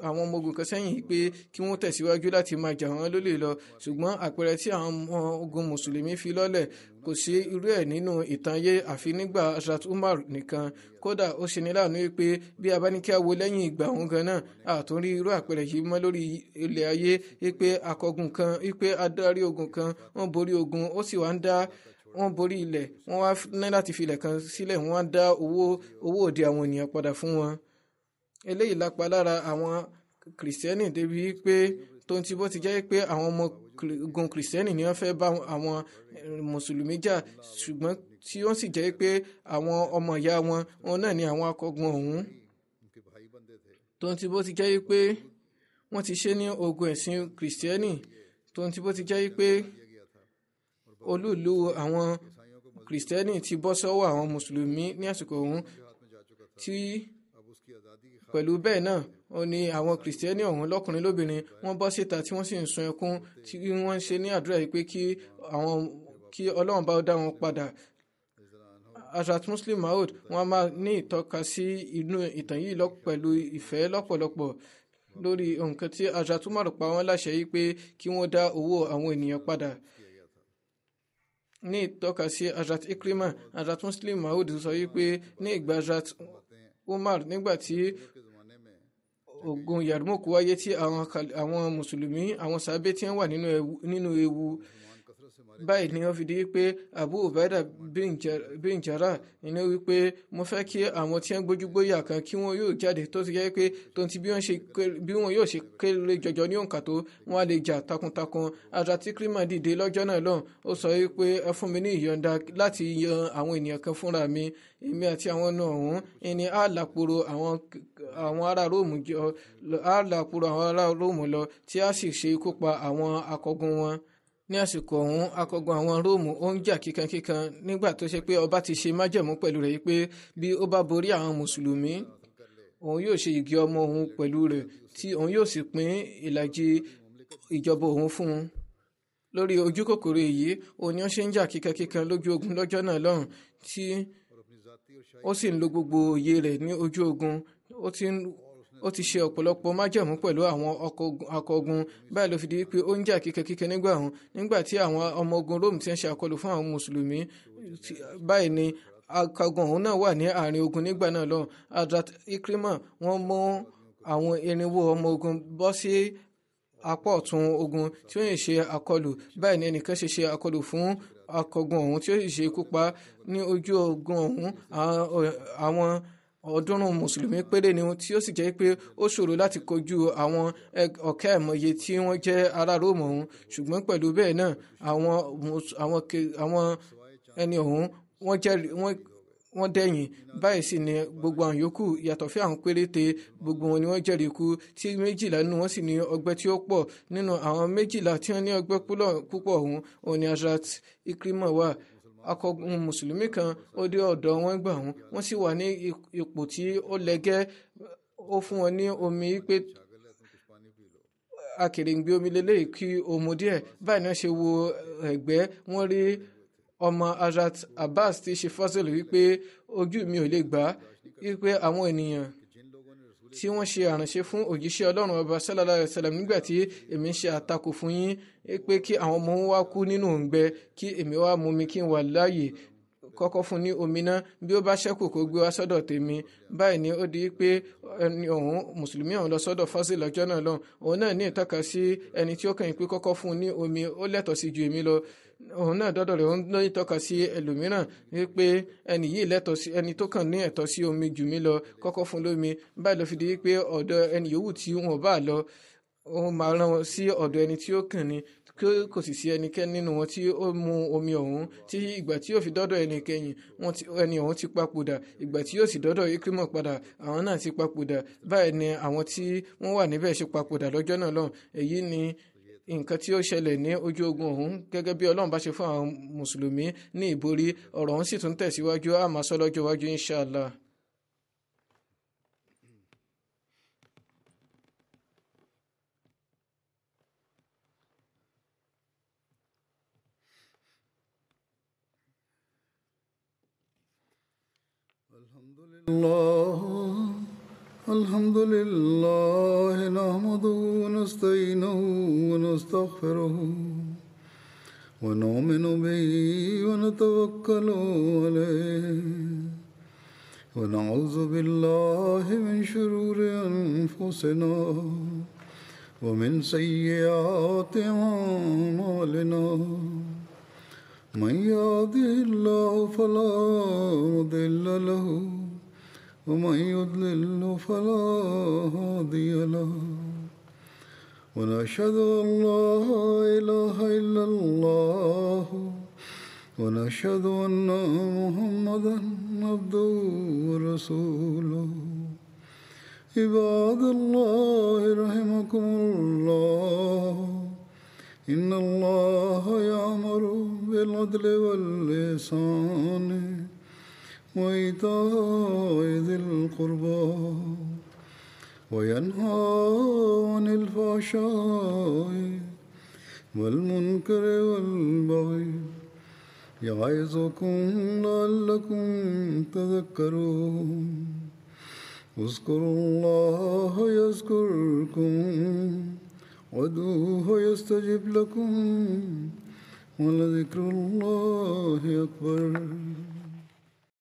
ọmọ ogun kan sẹ́yìn pé kí wọ́n tẹ̀síwájú láti máa jà wọ́n lólè lọ ṣùgbọ́n àpẹẹrẹ tí àwọn ọmọ ogun mùsùlùmí fi lọ́lẹ̀ kò sí irú ẹ̀ nínú ìtànyé àfi nígbà Hazrat Umar nìkan kódà ó ṣe ní láàánú pé bí a bá ní kí a wo lẹ́yìn ìgbà òun gan náà àtúnrí irú àpẹẹrẹ yìí mọ́ lórí ilẹ̀ ayé wípé akọgun kan wípé adarí ogun kan wọ́n borí ogun ó sì wá ń dá wọ́n borí ilẹ̀ wọ́n wá ní láti fi ilẹ̀ kan sílẹ̀ wọ́n wá dá owó owó òde àwọn ènìyàn padà fún wọn eléyìí lápá lára àwọn kìrìsìtẹ́nì débi pé tó ń ti bó ti jẹ́ pé àwọn ọmọ ogun kìrìsìtẹ́nì ni wọ́n fẹ́ bá àwọn mùsùlùmí jà ṣùgbọ́n tí ó sì jẹ́ pé àwọn ọmọ ìyá wọn wọn náà ni àwọn akọgun ọ̀hún tó ń ti bó ti jẹ́ pé wọ́n ti ṣe ní ogun ẹ̀sìn kìrìsìtẹ́nì tó bó ti jẹ́ pé olúùlú àwọn kìrìsìtẹ́nì ti bọ́ sọ́wọ́ àwọn mùsùlùmí ní àsìkò ọ̀hún tí pẹ̀lú bẹ́ẹ̀ náà ó ní àwọn kìrìsìtẹ́nì ọ̀hún lọ́kùnrin lóbìnrin wọ́n bọ́ síta tí wọ́n sì ń sun ẹkún tí wọ́n ń ṣe ní àdúrà yìí pé kí àwọn kí ọlọ́run bá dá wọn padà Hazrat Muslim Maud wọ́n máa ní ìtọ́ka sí inú ìtàn yìí pẹ̀lú ìfẹ́ lọ́pọ̀lọpọ̀ lórí nǹkan tí Hazrat Umar pa wọ́n láṣẹ yìí pé kí wọ́n dá owó àwọn ènìyàn padà ní ìtọ́ka sí Hazrat Ikrima Hazrat Muslim Maud sọ wípé ní ìgbà Hazrat Umar nígbà tí ogun Yarmouk wáyé tí àwọn mùsùlùmí àwọn sàbẹ tí wọ́n wà nínú ewu báyìí ni wọ́n fi di wípé Abu Ubaida bin Jarrah ni wípé mo fẹ́ kí àwọn tí wọ́n gbójúgbóyà kan kí wọ́n yóò jáde tó ti jẹ́ pé tó ti bí wọ́n yóò ṣe kéré jọjọ ní òǹkà tó wọ́n á lè jà takuntakun ara tí Ikrimah dìde lọ́jọ́ náà lọ́hùn ó sọ wípé ẹ fún mi ní ìyọ̀ǹda láti yan àwọn ènìyàn kan fúnra mi èmi àti àwọn ọ̀nà ọ̀hún ẹni àlàpòrò àwọn ará Róòmù jọ àlàpòrò àwọn ará Róòmù lọ tí a sì ṣe ikú àwọn akọgun wọn ní àsìkò ọ̀hún akọgun àwọn róòmù ó ń jà kíkankíkan nígbà tó ṣe pé ọba ti ṣe májẹ̀mú pẹ̀lú rẹ̀ pé bí ó bá borí àwọn mùsùlùmí òun yóò ṣe ìgé ọmọ òun pẹ̀lú rẹ̀ tí òun yóò sì pín ìlàjì ìjọba òun fún un lórí ojú kòkòrò èyí òun ni ó ṣe ń jà kíkankíkan lójú ogun lọ́jọ́ náà lọ́hùn tí ó sì ń lo gbogbo òye rẹ̀ ní ojú ogun ó ti ń ó ti ṣe ọ̀pọ̀lọpọ̀ májẹ̀mú pẹ̀lú àwọn akọ ogun báyìí ló fi di wípé ó ń jà kíkẹ́kíkẹ́ nígbà òun nígbà tí àwọn ọmọ ogun Rome ti ń ṣe àkọlù fún àwọn mùsùlùmí báyìí ni akagun òun náà wà ní àárín ogun nígbà náà lọ́hùn Hadrat Ikrima wọ́n mú àwọn irinwó ọmọ ogun bọ́ sí apá ọ̀tún ogun tí ó yìn ṣe àkọlù báyìí ni ẹnìkan ṣe ṣe àkọlù fún akọgun òun tí ó yìn ṣe ikú ní ojú ogun òun àwọn ọ̀ọ́dúnrún mùsùlùmí péré ni tí ó sì jẹ́ pé ó ṣòro láti kojú àwọn ọ̀kẹ́ àìmọye tí wọ́n jẹ́ ará róòmù ọ̀hún ṣùgbọ́n pẹ̀lú bẹ́ẹ̀ náà àwọn ẹni ọ̀hún wọ́n dẹ̀yìn báyìí sì ni gbogbo àwọn yòókù yàtọ̀ fí àwọn péréte gbogbo wọn ni wọ́n jẹ́rìí ikú tí méjìlá nínú wọn sì ní ọgbẹ́ tí ó pọ̀ nínú àwọn méjìlá tí wọ́n ní ọgbẹ́ púpọ̀ ọ̀hún òní Hazrat Ikrimah akọgun mùsùlùmí kan ó dé ọ̀dọ̀ wọn gbà wọn wọ́n sì wà ní ipò tí ó lẹ́gẹ́ ó fún wọn ní omi pé akèrèǹgbè omi lélẹ́yìí kí o mu díẹ̀ báyìí náà ṣe wo ẹ̀gbẹ́ wọ́n rí ọmọ Hazrat Abbas ti ṣe fọ́sẹ̀lì wípé ojú mi ò lè gbà wípé àwọn ènìyàn tí wọ́n ṣe àránṣe fún òjíṣẹ́ ọlọ́run ọba sallallahu alaihi wasallam nígbà tí èmi ń ṣe àtakò fún yín pé kí àwọn ọmọ wọn wá kú nínú òǹgbẹ kí èmi wá mú mi kí n wà láàyè kọ́kọ́ fún ní omi náà bí ó bá ṣẹ́kù kó gbé wá sọ́dọ̀ tèmi báyìí ni ó di pé ẹni ọ̀hún mùsùlùmí ọ̀hún lọ sọ́dọ̀ fásil lọ́jọ́ náà lọ́hùn òun náà ní ìtọ́ka sí ẹni tí ó kàn yín pé kọ́kọ́ fún ní omi ó lẹ́tọ̀ọ́ sí ju èmi lọ òun náà dọ́dọ̀ rẹ̀ òun lóyún tọ́ka sí ẹlòmíràn wípé ẹni yìí lẹ́tọ̀ sí ẹni tó kàn ní ẹ̀tọ́ sí omi jù mí lọ kọ́kọ́ fún lómi báyìí ló fi di wípé ọ̀dọ̀ ẹni yòówù tí wọn bá lọ òun máa rán wọn sí ọ̀dọ̀ ẹni tí ó kàn ní kò sì sí ẹnikẹ́ni nínú wọn tí ó mu omi ọ̀hún tí ìgbà tí yóò fi dọ́dọ̀ ẹnikẹ́yìn ẹni ọ̀hún ti papòdà ìgbà tí yóò sì dọ́dọ̀ ikrimọ̀ padà àwọn náà ti papòdà báyìí ni àwọn tí wọ́n wà níbẹ̀ ṣe papòdà lọ́jọ́ náà lọ́hùn èyí ni nǹkan tí ó ṣẹlẹ̀ ní ojú ogun ọ̀hún gẹ́gẹ́ bí ọlọ́run bá ṣe fún àwọn mùsùlùmí ní ìborí ọ̀rọ̀ ọ̀hún sì tún tẹ̀síwájú a máa sọ lọ́jọ́ iwájú inshàlá. Allah الحمد لله نحمده ونستعينه ونستغفره ونؤمن به ونتوكل عليه ونعوذ بالله من شرور أنفسنا ومن سيئات أعمالنا من يهده الله فلا مضل له ومن يضلل فلا هادي له ونشهد ان لا اله الا الله ونشهد ان محمدا عبده ورسوله عباد الله رحمكم الله ان الله يامر بالعدل واللسان وإيتاء ذي القربى وينهى عن الفحشاء والمنكر والبغي يعظكم لعلكم تذكرون اذكروا الله يذكركم ودوه يستجب لكم ولذكر الله أكبر